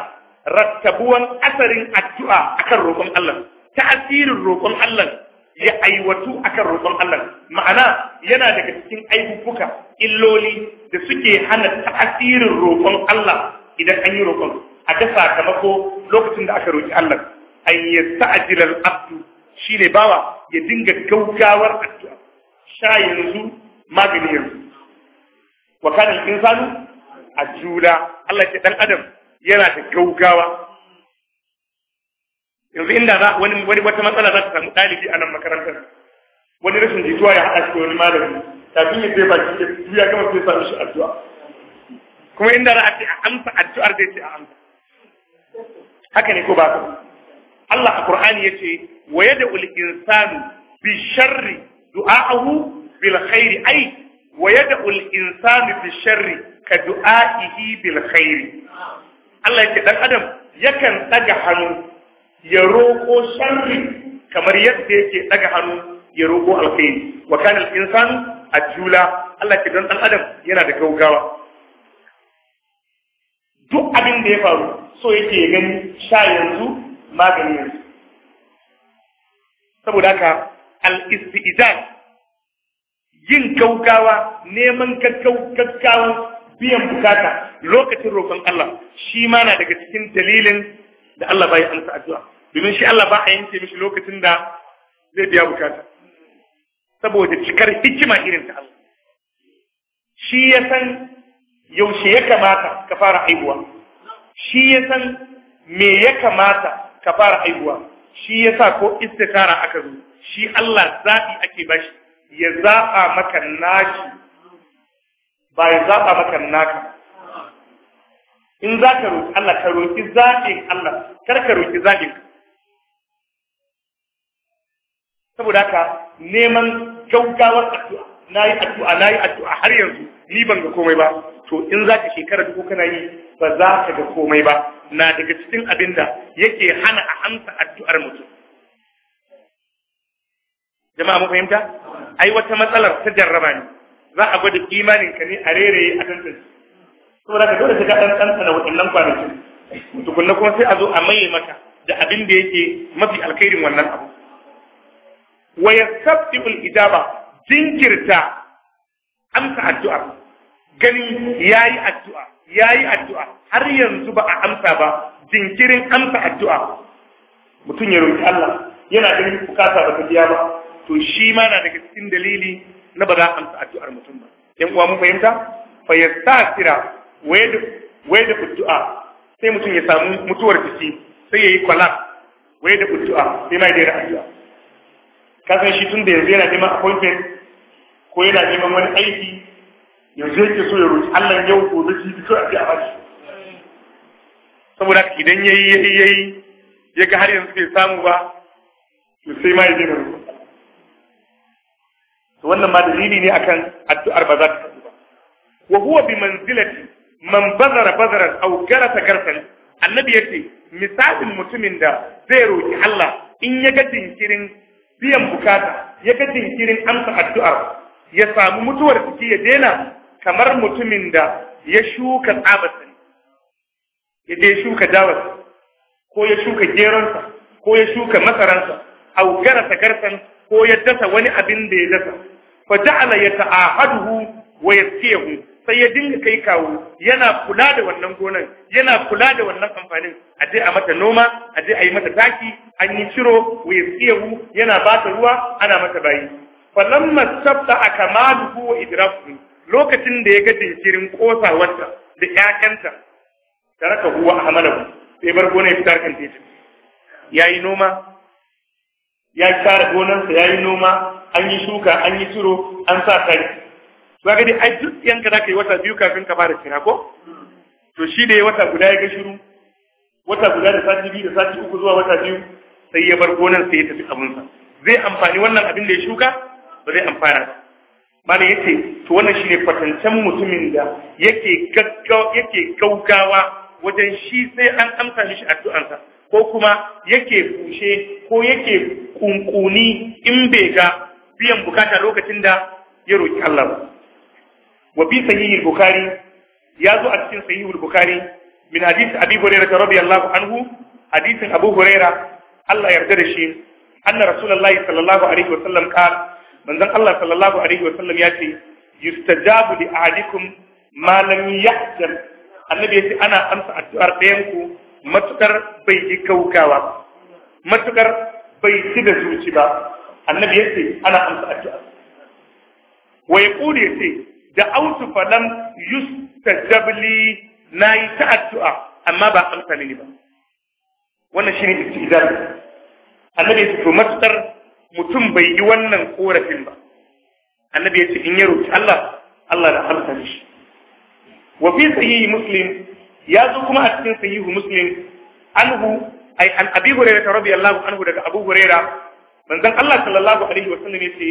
rattabuwan asarin addu'a akan roƙon Allah ta'asirin roƙon Allah ya aiwatu akan roƙon Allah ma'ana yana daga cikin aibubuka illoli da suke hana ta'asirin roƙon Allah idan an yi roƙon a ga sakamako lokacin da aka roƙi Allah an yasta'jil al-abdu shine bawa ya dinga gaugawar addu'a sha yanzu magani yanzu wa kana insanu ajula Allah ya dan adam yana da gaugawa yanzu inda za wani wani wata matsala za ta samu ɗalibi a nan makarantar wani rashin jituwa ya haɗa shi da wani malami kafin ya zai baki ya ya gama sai sa shi addu'a kuma inda za a ce a amsa addu'ar zai ce a amsa haka ne ko ba ka Allah a Qur'ani yace wa yad'ul insanu bi sharri du'a'ahu bil khairi ai wa yad'ul insanu bi sharri ka du'a'ihi bil khairi Allah yace dan adam yakan daga hannu ya roƙo sharri kamar yadda yake daga hannu ya roƙo alkhairi wa kana al-insanu ajula Allah ke don dan adam yana da gaugawa duk abin da ya faru so yake ya gani sha yanzu magani yanzu saboda haka al-isti'dan yin gaugawa neman gaggawa biyan bukata lokacin roƙon Allah shi ma na daga cikin dalilin da Allah bai amsa addu'a domin shi Allah ba a yanke mishi lokacin da zai biya bukata saboda cikar hikima irin ta Allah shi ya san yaushe ya kamata ka fara aihuwa shi ya san me ya kamata ka fara aihuwa shi ya sa ko istikara aka zo shi Allah zaɓi ake bashi ya zaɓa maka naki ba ya zaɓa maka naka in za ka roƙi Allah ka roƙi zaɓin Allah kar ka roƙi zaɓin saboda haka neman gaugawar addu'a na yi addu'a na yi addu'a har yanzu ni ban ga komai ba to in za ka shekara dubu kana yi ba za ka ga komai ba na daga cikin abin da yake hana a amsa addu'ar mutum jama'a mu fahimta ai wata matsalar ta jarraba ne za a gwada imanin ka ne a rere a tantance saboda ka dole sai ka dan tsantsana waɗannan kwanaki tukunna kuma sai a zo a maye maka da abin da yake mafi alkhairin wannan abu wa yastabtiul ijaba jinkirta amsa addu'a gani yayi addu'a yayi addu'a har yanzu ba a amsa ba jinkirin amsa addu'a mutum ya roki Allah yana ganin bukata ba ta biya ba to shi ma na daga cikin dalili na ba za a amsa addu'ar mutum ba yan uwa mun fahimta fa yastasira wai da addu'a sai mutum ya samu mutuwar jiki sai ya yi kwala wai da addu'a sai mai daina addu'a ka Kasan shi tun da yanzu yana neman appointment ko yana neman wani aiki yanzu yake so ya roƙi Allah yau zai ji ko a ba saboda idan yi ya yi ya ga har yanzu bai samu ba to sai mai daina to wannan ma dalili ne akan addu'ar ba za ta ba wa huwa bi manzilati man bazara bazaran au ta garsan annabi yace misalin mutumin da zai roki Allah in ya ga jinkirin biyan bukata ya ga jinkirin amsa addu'a ya samu mutuwar ciki ya dena kamar mutumin da ya shuka tsabarsa ya je shuka dawarsa ko ya shuka geronsa ko ya shuka masaransa au ta garsan ko ya dasa wani abin da ya dasa fa ja'ala yata'ahaduhu wa yaskiyahu sai ya dinga kai kawo yana kula da wannan gonan yana kula da wannan amfanin a je a mata noma a je a yi mata taki an yi ciro wa tsiyawu yana ba ta ruwa ana mata bayi falamma sabta a kamaluhu wa idrafu lokacin da ya ga jinkirin kosawarta da ƴaƴanta taraka huwa ahmalahu sai bar gonar ya fitar kan titi yayi noma ya tara gonarsa yayi noma an yi shuka an yi ciro an sa taki ba ga dai ai duk yanka za ka yi wata biyu kafin ka fara cina ko to shi da ya wata guda ya ga shiru wata guda da sati biyu da sati uku zuwa wata biyu sai ya bar gonan sai ya tafi abinsa zai amfani wannan abin da ya shuka ba zai amfana ba mana yace to wannan shine kwatancen mutumin da yake gaggawa yake gaugawa wajen shi sai an amsa mishi addu'ansa ko kuma yake bushe ko yake kunkuni in bai ga biyan bukata lokacin da ya roki Allah ba wa bi sahih al-bukhari ya zo a cikin sahih al-bukhari min hadith abi hurairah radiyallahu anhu hadisin abu hurairah Allah yarda da shi anna rasulullahi sallallahu alaihi wa sallam qala manzon Allah sallallahu alaihi wa sallam ya ce yustajabu li ahadikum ma lam yahzan annabi ya ce ana amsa addu'ar ɗayan ku matukar bai yi kaukawa matukar bai ci da zuci ba annabi ya ce ana amsa addu'a wa yaqulu ya ce da autu falam yustajabli na yi ta addu'a amma ba amsa mini ba wannan shine istidal annabi ya to matsar mutum bai yi wannan korafin ba annabi ya ce in ya roki Allah Allah da amsa mishi wa fi sahihi muslim ya zo kuma a cikin sahihu muslim anhu ai an abi hurairah radiyallahu anhu daga abu hurairah manzon Allah sallallahu alaihi wasallam ya ce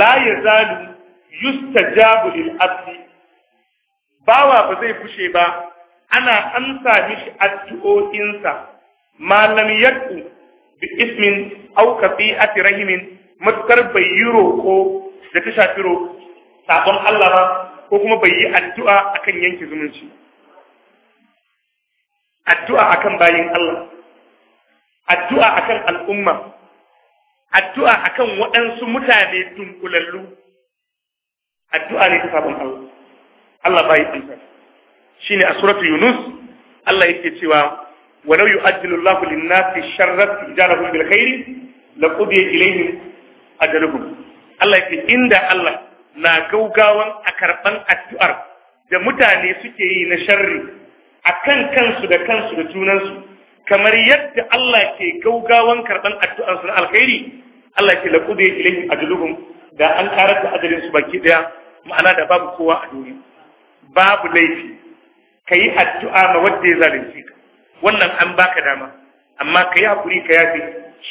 la yazalu yustajabu lil abdi bawa ba zai fushe ba ana amsa mishi addu'o'insa malam yaku bi ismin aw kafi'ati rahimin matkar bai ko da ta shafi sabon Allah ba ko kuma bai yi addu'a akan yanke zumunci addu'a akan bayin Allah addu'a akan al'umma addu'a akan waɗansu mutane tunkulallu addu'a ne ta sabon Allah Allah bai tsinta shine a suratu Yunus Allah yake cewa walau yu'ajjilu Allahu lin-nasi sharra tijarahum bil khairi laqudiya ilayhim ajaluhum Allah yake inda Allah na gaugawan a karban addu'ar da mutane suke yi na sharri a kan kansu da kansu da junansu kamar yadda Allah ke gaugawan karban addu'ar su na alkhairi Allah ke laqudiya ilayhim ajaluhum da an karanta ajalin su baki daya ma'ana da babu kowa a duniya babu laifi ka yi addu'a ma wadda ya zalunce ka wannan an baka dama amma ka yi hakuri ka yafe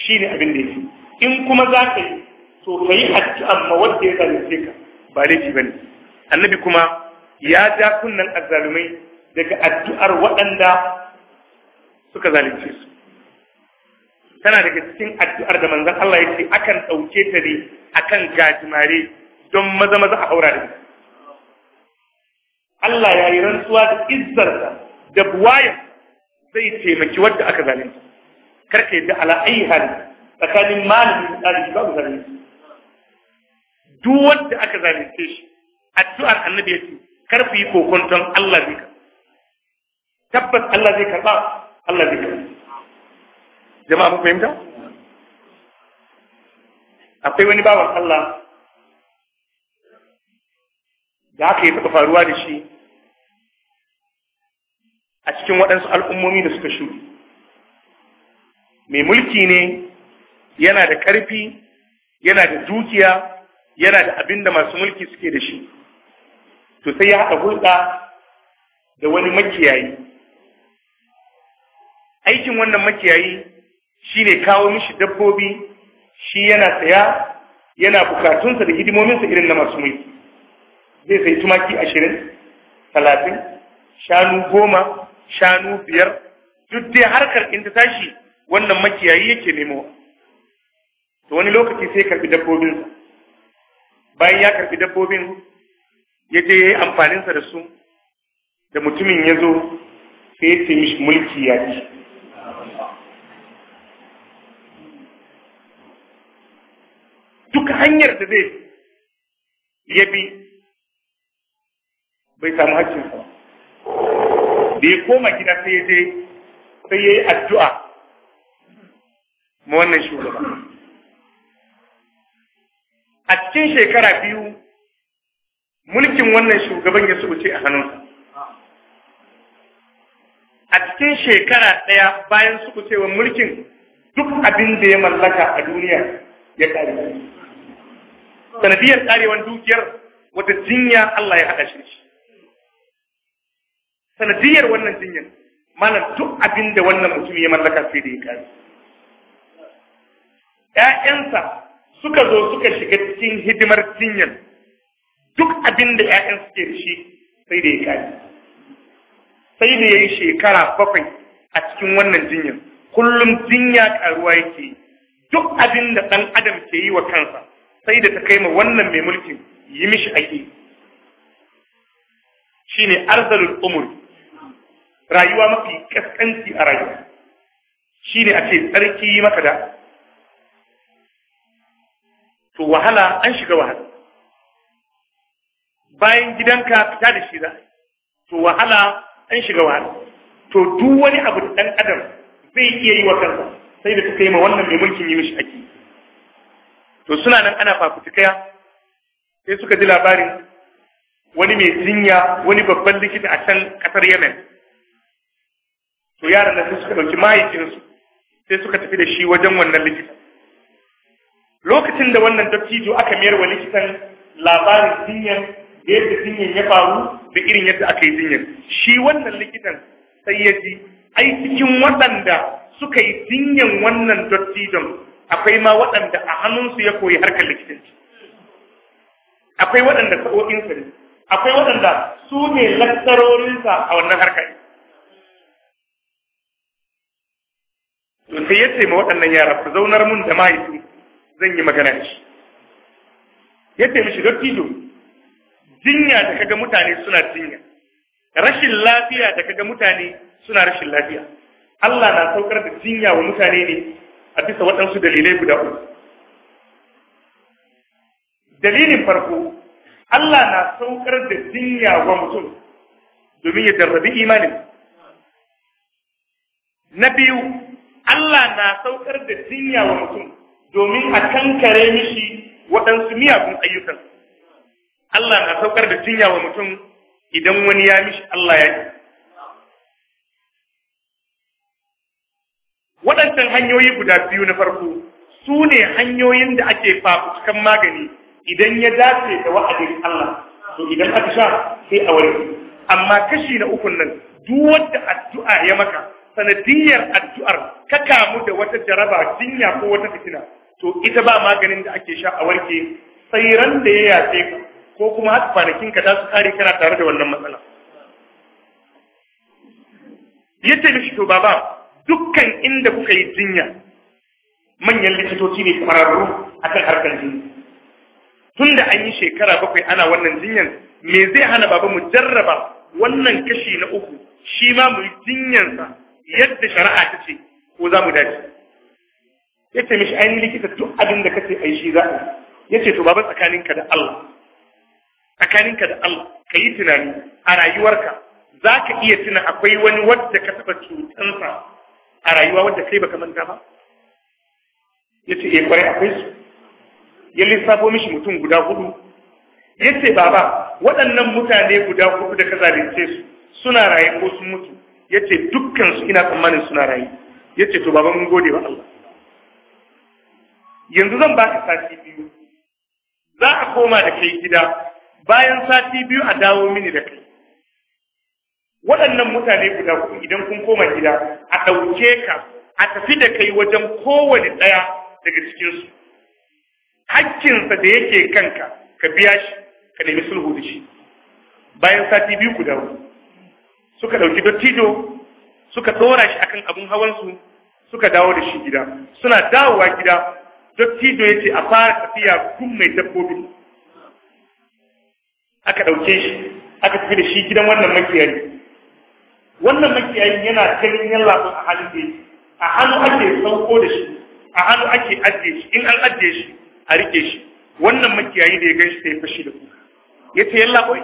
shi ne abin da ya fi in kuma za ka yi to ka yi addu'a ma wadda ya zalunce ka ba laifi ba ne annabi kuma ya ja kunnan azzalumai daga addu'ar waɗanda suka zalunce su tana daga cikin addu'ar da manzon Allah yake akan ɗauke ta ne akan gajimare don maza maza a haura da Allah ya yi rantsuwa da izzarsa da buwayar zai taimaki wadda aka zalunta karka yadda ala ayyuhal tsakanin malami da ɗalibi babu zalunci duk wanda aka zalunce shi addu'ar annabi ya ce kar ku yi kokonton Allah zai karɓa tabbas Allah zai karɓa Allah zai karɓa jama'a mun fahimta akwai wani bawan Allah da haka ya taɓa faruwa da shi a cikin waɗansu al'ummomi da suka shuru mai mulki ne yana da ƙarfi yana da dukiya yana da abin da masu mulki suke da shi to sai ya haɗa hulɗa da wani makiyayi aikin wannan makiyayi shi ne kawo mishi dabbobi shi yana saya yana bukatunsa da hidimominsa irin na masu mulki zai sai tumaki ashirin talatin shanu goma shanu biyar duk dai harkar in ta tashi wannan makiyayi yake nemo to wani lokaci sai karbi dabbobin bayan ya karbi dabbobin ya je yayi sa da su da mutumin ya zo sai ya mishi mulki ya ci duk hanyar da zai ya bi bai samu haƙƙinsa da ya koma gida sai ya je sai ya yi addu'a ma wannan shugaba a cikin shekara biyu mulkin wannan shugaban ya wuce a hannunsa a cikin shekara ɗaya bayan subucewar mulkin duk abin da ya mallaka a duniya ya ƙare sanadiyar ƙarewar dukiyar wata jinya Allah ya haɗa shi sanadiyar wannan jinyar mana duk abin da wannan mutum ya mallaka sai da ya kare ƴaƴansa suka zo suka shiga cikin hidimar jinyar duk abin da ƴaƴan suke da shi sai da ya kare sai da ya yi shekara bakwai a cikin wannan jinyar kullum jinya karuwa yake duk abin da ɗan adam ke yi wa kansa sai da ta kai ma wannan mai mulkin yi mishi ake shine arzalul umur rayuwa mafi kaskanci a rayuwa shine a ce tsarki yi maka da to wahala an shiga wahala bayan gidanka fita da shi za to wahala an shiga wahala to duk wani abu da ɗan adam zai iya yi wa kansa sai da suka yi ma wannan mai mulkin yi mishi ake to suna nan ana fafutukaya sai suka ji labarin wani mai jinya wani babban likita a can kasar yemen to yaran nan sai suka ɗauki mahaifinsu sai suka tafi da shi wajen wannan likita lokacin da wannan dattijo aka mayar wa likitan labarin jinyar da yadda jinyar ya faru da irin yadda aka yi jinyar shi wannan likitan sai ya ji ai cikin waɗanda suka yi jinyar wannan dattijon akwai ma waɗanda a hannunsu ya koyi harkar likitanci akwai waɗanda sa'o'insa ne akwai waɗanda su ne laktarorinsa a wannan harkar to sai ya ce ma waɗannan yara ku zaunar mun da mahaifi zan yi magana da shi ya ce mishi dattijo jinya da kaga mutane suna jinya rashin lafiya da kaga mutane suna rashin lafiya Allah na saukar da jinya wa mutane ne a bisa waɗansu dalilai guda uku dalilin farko Allah na saukar da jinya wa mutum domin ya jarrabi imanin na biyu Allah na saukar da jinya wa mutum domin a kankare mishi waɗansu miyagun ayyukan. Allah na saukar da jinya wa mutum idan wani ya mishi Allah ya ji. Waɗancan hanyoyi guda biyu na farko su ne hanyoyin da ake fafutukan magani idan ya dace da wa'adin Allah, to idan aka sha sai a Amma kashi na ukun nan duk wadda addu'a ya maka sanadiyar addu'ar ka kamu da wata jaraba jinya ko wata fitina to ita ba maganin da ake sha a warke sai ran da ya yafe ka ko kuma haka kwanakin ka za su kare kana tare da wannan matsala yace mishi to baba dukkan inda kuka yi jinya manyan likitoci ne kwararru akan harkar jinya tunda an yi shekara bakwai ana wannan jinyan me zai hana baba mu jarraba wannan kashi na uku shi ma mu yi jinyansa yadda shari'a ta ce ko za mu dace ya ce mishi ainihin likita duk abin da kace ai shi za a ya ce to baba tsakaninka da Allah tsakaninka da Allah ka yi tunani a rayuwarka za ka iya tuna akwai wani wadda ka taɓa cutansa a rayuwa wadda kai baka manta ba ya ce eh kwarai akwai su ya lissafo mishi mutum guda hudu ya ce baba waɗannan mutane guda hudu da ka zalunce su suna raye ko sun mutu yace dukkan su ina tsammanin suna rayu yace to baban gode wa Allah yanzu zan baka sati biyu za a koma da kai gida bayan sati biyu a dawo mini da kai waɗannan mutane guda ku idan kun koma gida a ɗauke ka a tafi da kai wajen kowane ɗaya daga cikinsu hakkinsa da yake kanka ka biya shi ka nemi sulhu da shi bayan sati biyu ku dawo suka ɗauki dattijo suka ɗora shi akan abin hawansu suka dawo da shi gida suna dawowa gida dattijo ya ce a fara tafiya kun mai dabbobi aka ɗauke shi aka tafi da shi gidan wannan makiyayi wannan makiyayi yana ganin yan a halin da a hannu ake sauko da shi a hannu ake ajiye shi in an ajiye shi a rike shi wannan makiyayi da ya gan shi yi fashi da kuka ya ce yalla bai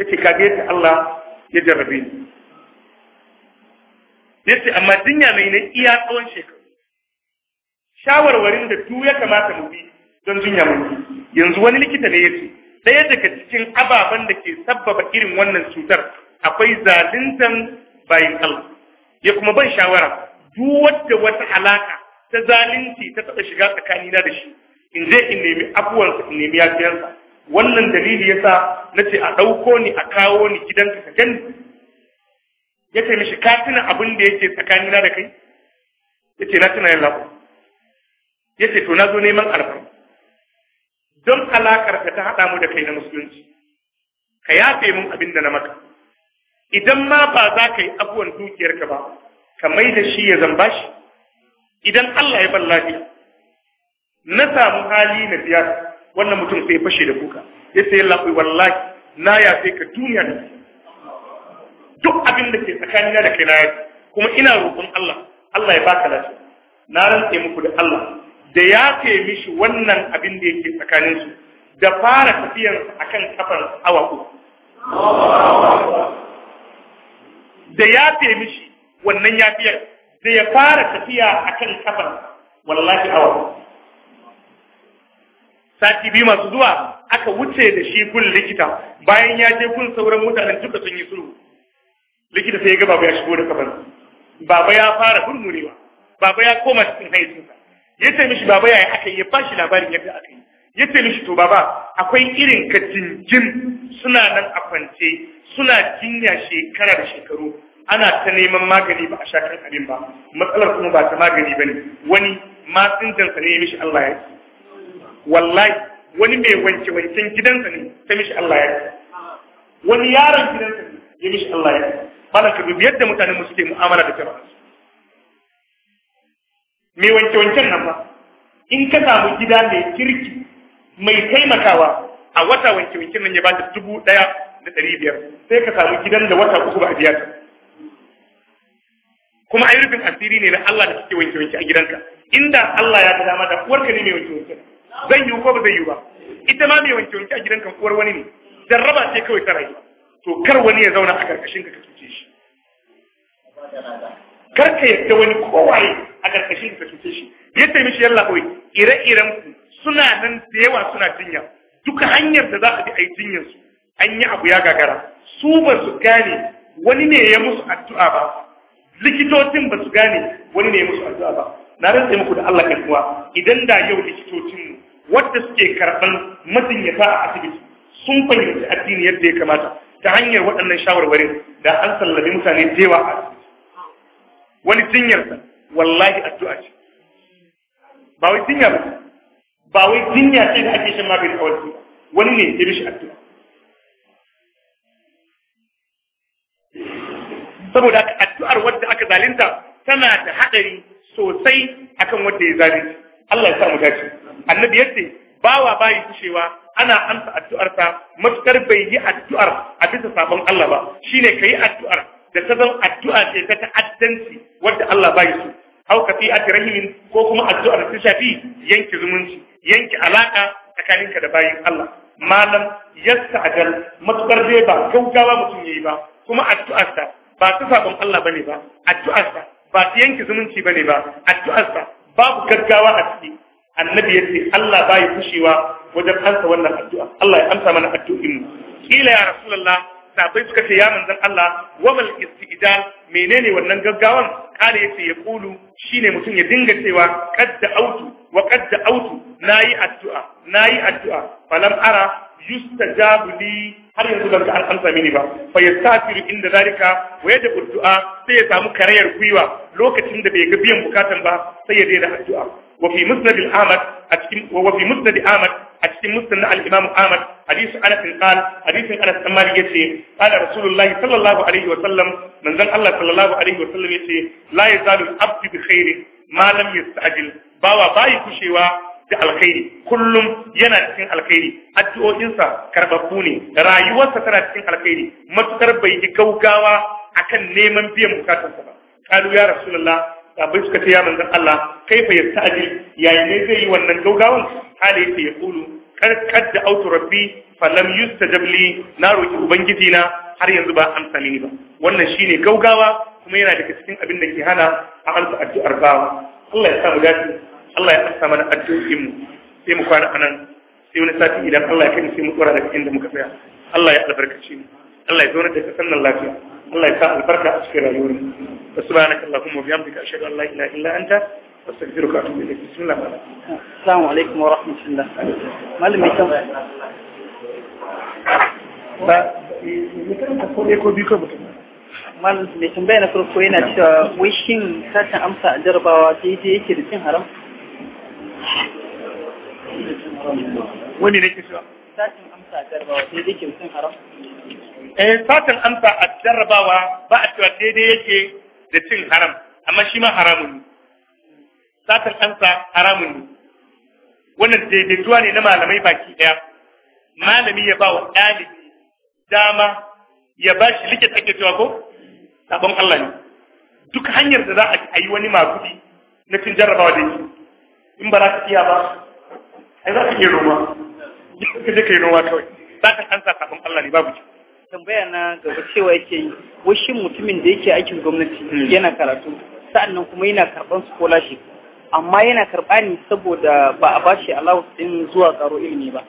ya ce gaya yadda Allah ya jarrabe ni ce, amma jinya mai na iya tsawon shekaru shawarwarin da tu ya kamata mu bi don jinya bi, yanzu wani likita ne ya ce. ɗaya daga cikin ababen da ke sabbaba irin wannan cutar akwai zaluntan bayan Allah ya kuma ban shawara duk wadda wata alaka ta zalunci ta taɓa shiga tsakanina da shi in je in nemi abuwansa in nemi yafiyarsa wannan dalili yasa nace a ɗauko ni a kawo ni gidanka ka gani yace mishi ka tuna abin da yake tsakanina da kai yace na tuna Ya yace to na zo neman alfa don alakar da ta haɗa mu da kai na musulunci ka yafe mun abin da na maka idan ma ba za ka yi abuwan dukiyarka ba ka mai da shi ya zamba shi idan Allah ya ban lafiya na samu hali na biya wannan mutum sai fashe da kuka ya sai yalla wallahi na ya sai ka duniya da duk abin da ke tsakanina da kai na yafi kuma ina roƙon Allah Allah ya baka lafiya na rantse muku da Allah da ya kai mishi wannan abin da yake tsakanin su da fara tafiyar akan kafar awa uku da ya kai mishi wannan yafiyar da ya fara tafiya akan kafar wallahi awa uku sati biyu masu zuwa aka wuce da shi kun likita bayan ya je kun sauran mutanen duka sun yi sulhu likita sai ya ga baba ya shigo da kafar baba ya fara murmurewa baba ya koma cikin haihuwarsa ya ce mishi baba ya yi aka ya ba shi labarin yadda aka yi ya ce mishi to baba akwai irin ka jinjin suna nan a kwance suna jinya shekara da shekaru ana ta neman magani ba a sha kan abin ba matsalar kuma ba ta magani ba ne wani masinjansa ne ya mishi Allah ya ce wallahi wani mai wanke wancan gidansa ne ta mishi Allah ya wani yaron gidansa ne ya mishi Allah ya bala ka dubi yadda mutanen mu suke mu'amala da kira mai wanke wancan nan ba in ka samu gida mai kirki mai taimakawa a wata wanke wancan nan ya ba ta dubu ɗaya da ɗari biyar sai ka samu gidan da wata uku ba a biya ta kuma ayyukan asiri ne da Allah da suke wanke wanke a gidanka inda Allah ya ta dama da uwarka ne mai wanke wanke Zan yi ko ba zai yi ba ita ma mai wanke wanke a gidan kan uwar wani ne jarraba ce kawai ta rayu to kar wani ya zauna a karkashin ka ka cuce shi kar ka yadda wani kowaye a karkashin ka ka cuce shi yadda mishi yalla kawai ire-iren ku suna nan da yawa suna jinya duka hanyar da za a bi a yi jinyar su an yi abu ya gagara su ba su gane wani ne ya musu addu'a ba likitocin ba su gane wani ne ya musu addu'a ba na rantsa muku da Allah kan kuwa idan da yau likitocin wadda suke karɓar majinyata a asibiti sun fahimci addini yadda ya kamata ta hanyar waɗannan shawarwarin da an sallabi mutane da yawa a asibiti wani jinyar sa wallahi addu'a ce ba wai jinya ba ba wai jinya ce da ake shan magani a wani wani ne ya bishi addu'a saboda addu'ar wadda aka zalunta tana da haɗari sosai akan wadda ya zalinta Allah ya sa mu dace annabi yace bawa bayi fushewa ana amsa addu'arsa matukar bai yi addu'ar a bisa sabon Allah ba shine kai addu'ar da ta zan addu'a ce ta ta'addanci wadda Allah bai su au ka fi rahimin ko kuma addu'ar ta shafi yanke zumunci yanke alaka tsakaninka da bayin Allah malam yasta ajal matukar dai ba gaugawa mutum yayi ba kuma addu'arsa ba ta sabon Allah bane ba addu'arsa ba ta yanke zumunci bane ba addu'arsa babu gaggawa a ciki annabi yace Allah baya fushewa wajen ansa wannan addu'a Allah ya amsa mana addu'in mu kila ya rasulullah sabai suka ce ya manzon Allah wamal istidal menene wannan gaggawan kare yace ya kulu shine mutum ya dinga cewa qad autu wa qad autu nayi addu'a nayi addu'a falam ara yustajabu li har yanzu ban ga an amsa mini ba fa yastafiru inda zalika wa da du'a sai ya samu karayar gwiwa lokacin da bai ga biyan bukatan ba sai ya daina addu'a وفي مسند الأحمد وفي مسند أحمد أتكلم مسند الإمام أحمد حديث أنس قال حديث أنس أمال يتي قال رسول الله صلى الله عليه وسلم من ذن الله صلى الله عليه وسلم يتي لا يزال الأبد بخير ما لم يستعجل باوا باي كشيوا da alkhairi kullum yana cikin alkhairi addu'o'insa karbabbu ne rayuwarsa tana cikin alkhairi matukar bai yi gaugawa akan neman biyan bukatunsa ba kalu ya rasulullah abin suka ce ya manzan Allah kai fa ya ta'adi yayin ne zai yi wannan gaugawan hali yake ya kulu karkar da autu rabbi falam yustajab li na roki ubangiji na har yanzu ba amsa mini ba wannan shine gaugawa kuma yana daga cikin abin da ke hana a amsa addu'ar bawa Allah ya sa mu dace Allah ya amsa mana addu'o'in mu sai mu kwana anan sai wani sati idan Allah ya kai sai mu tsora daga inda muka tsaya Allah ya albarkace mu Allah ya zo da kasan nan lafiya Allah ya sa albarka a cikin rayuwar subhanaka allahumma bihamdika ashhadu an la ilaha illa anta astaghfiruka wa atubu ilayk bismillah assalamu alaikum wa rahmatullah malami kan ba mai tambaya na farko yana cewa amsa a jarabawa daidai yake da cin haram wani ne ke cewa satin amsa a jarabawa daidai yake da cin haram eh satan amsa a jarrabawa ba a cewa daidai yake da cin haram amma shi ma haramun ne satan amsa haramun ne wannan daidaituwa ne na malamai baki daya malami ya ba wa ɗalibi dama ya ba shi likita ake cewa ko sabon Allah ne duk hanyar da za a yi wani magudi na cin jarrabawa da yake in ba za ka iya ba ai za ka iya noma ka je ka yi noma kawai za ka ansa sabon Allah ne babu ci tambaya na gaba cewa yake yi washe mutumin da yake aikin gwamnati hmm. yana karatu sa'annan kuma yana karban scholarship amma yana karɓa ne saboda ba a bashi allowance din zuwa tsaro ilimi ba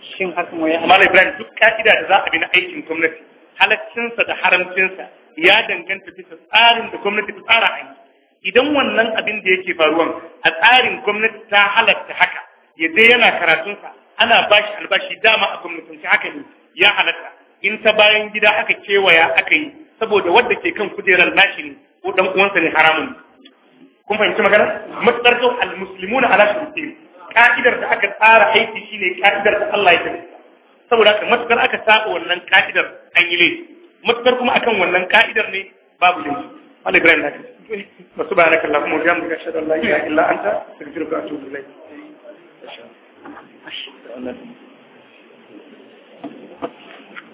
shin haka mu ya Malam Ibrahim duk ka'ida da za a bi na aikin gwamnati halaccinsa da haramcinsa ya danganta bisa tsarin da gwamnati ta tsara a yi idan wannan abin da yake faruwan a tsarin gwamnati ta halatta haka ya je yana karatunsa ana bashi albashi dama a gwamnatin haka ne ya halatta in ta bayan gida aka kewaya aka yi saboda wadda ke kan kujerar nashi ne ko dan uwansa ne haramun kun fahimci magana matsar kau almuslimuna ala shurutin ka'idar da aka tsara aiki shine ka'idar da Allah ya tabbata saboda haka matukar aka saba wannan ka'idar an yi laifi matukar kuma akan wannan ka'idar ne babu laifi Allah Ibrahim na kai wasu bayanan kallon kuma biyan mu gashi da Allah ya illa anta sirfirka atubu ilai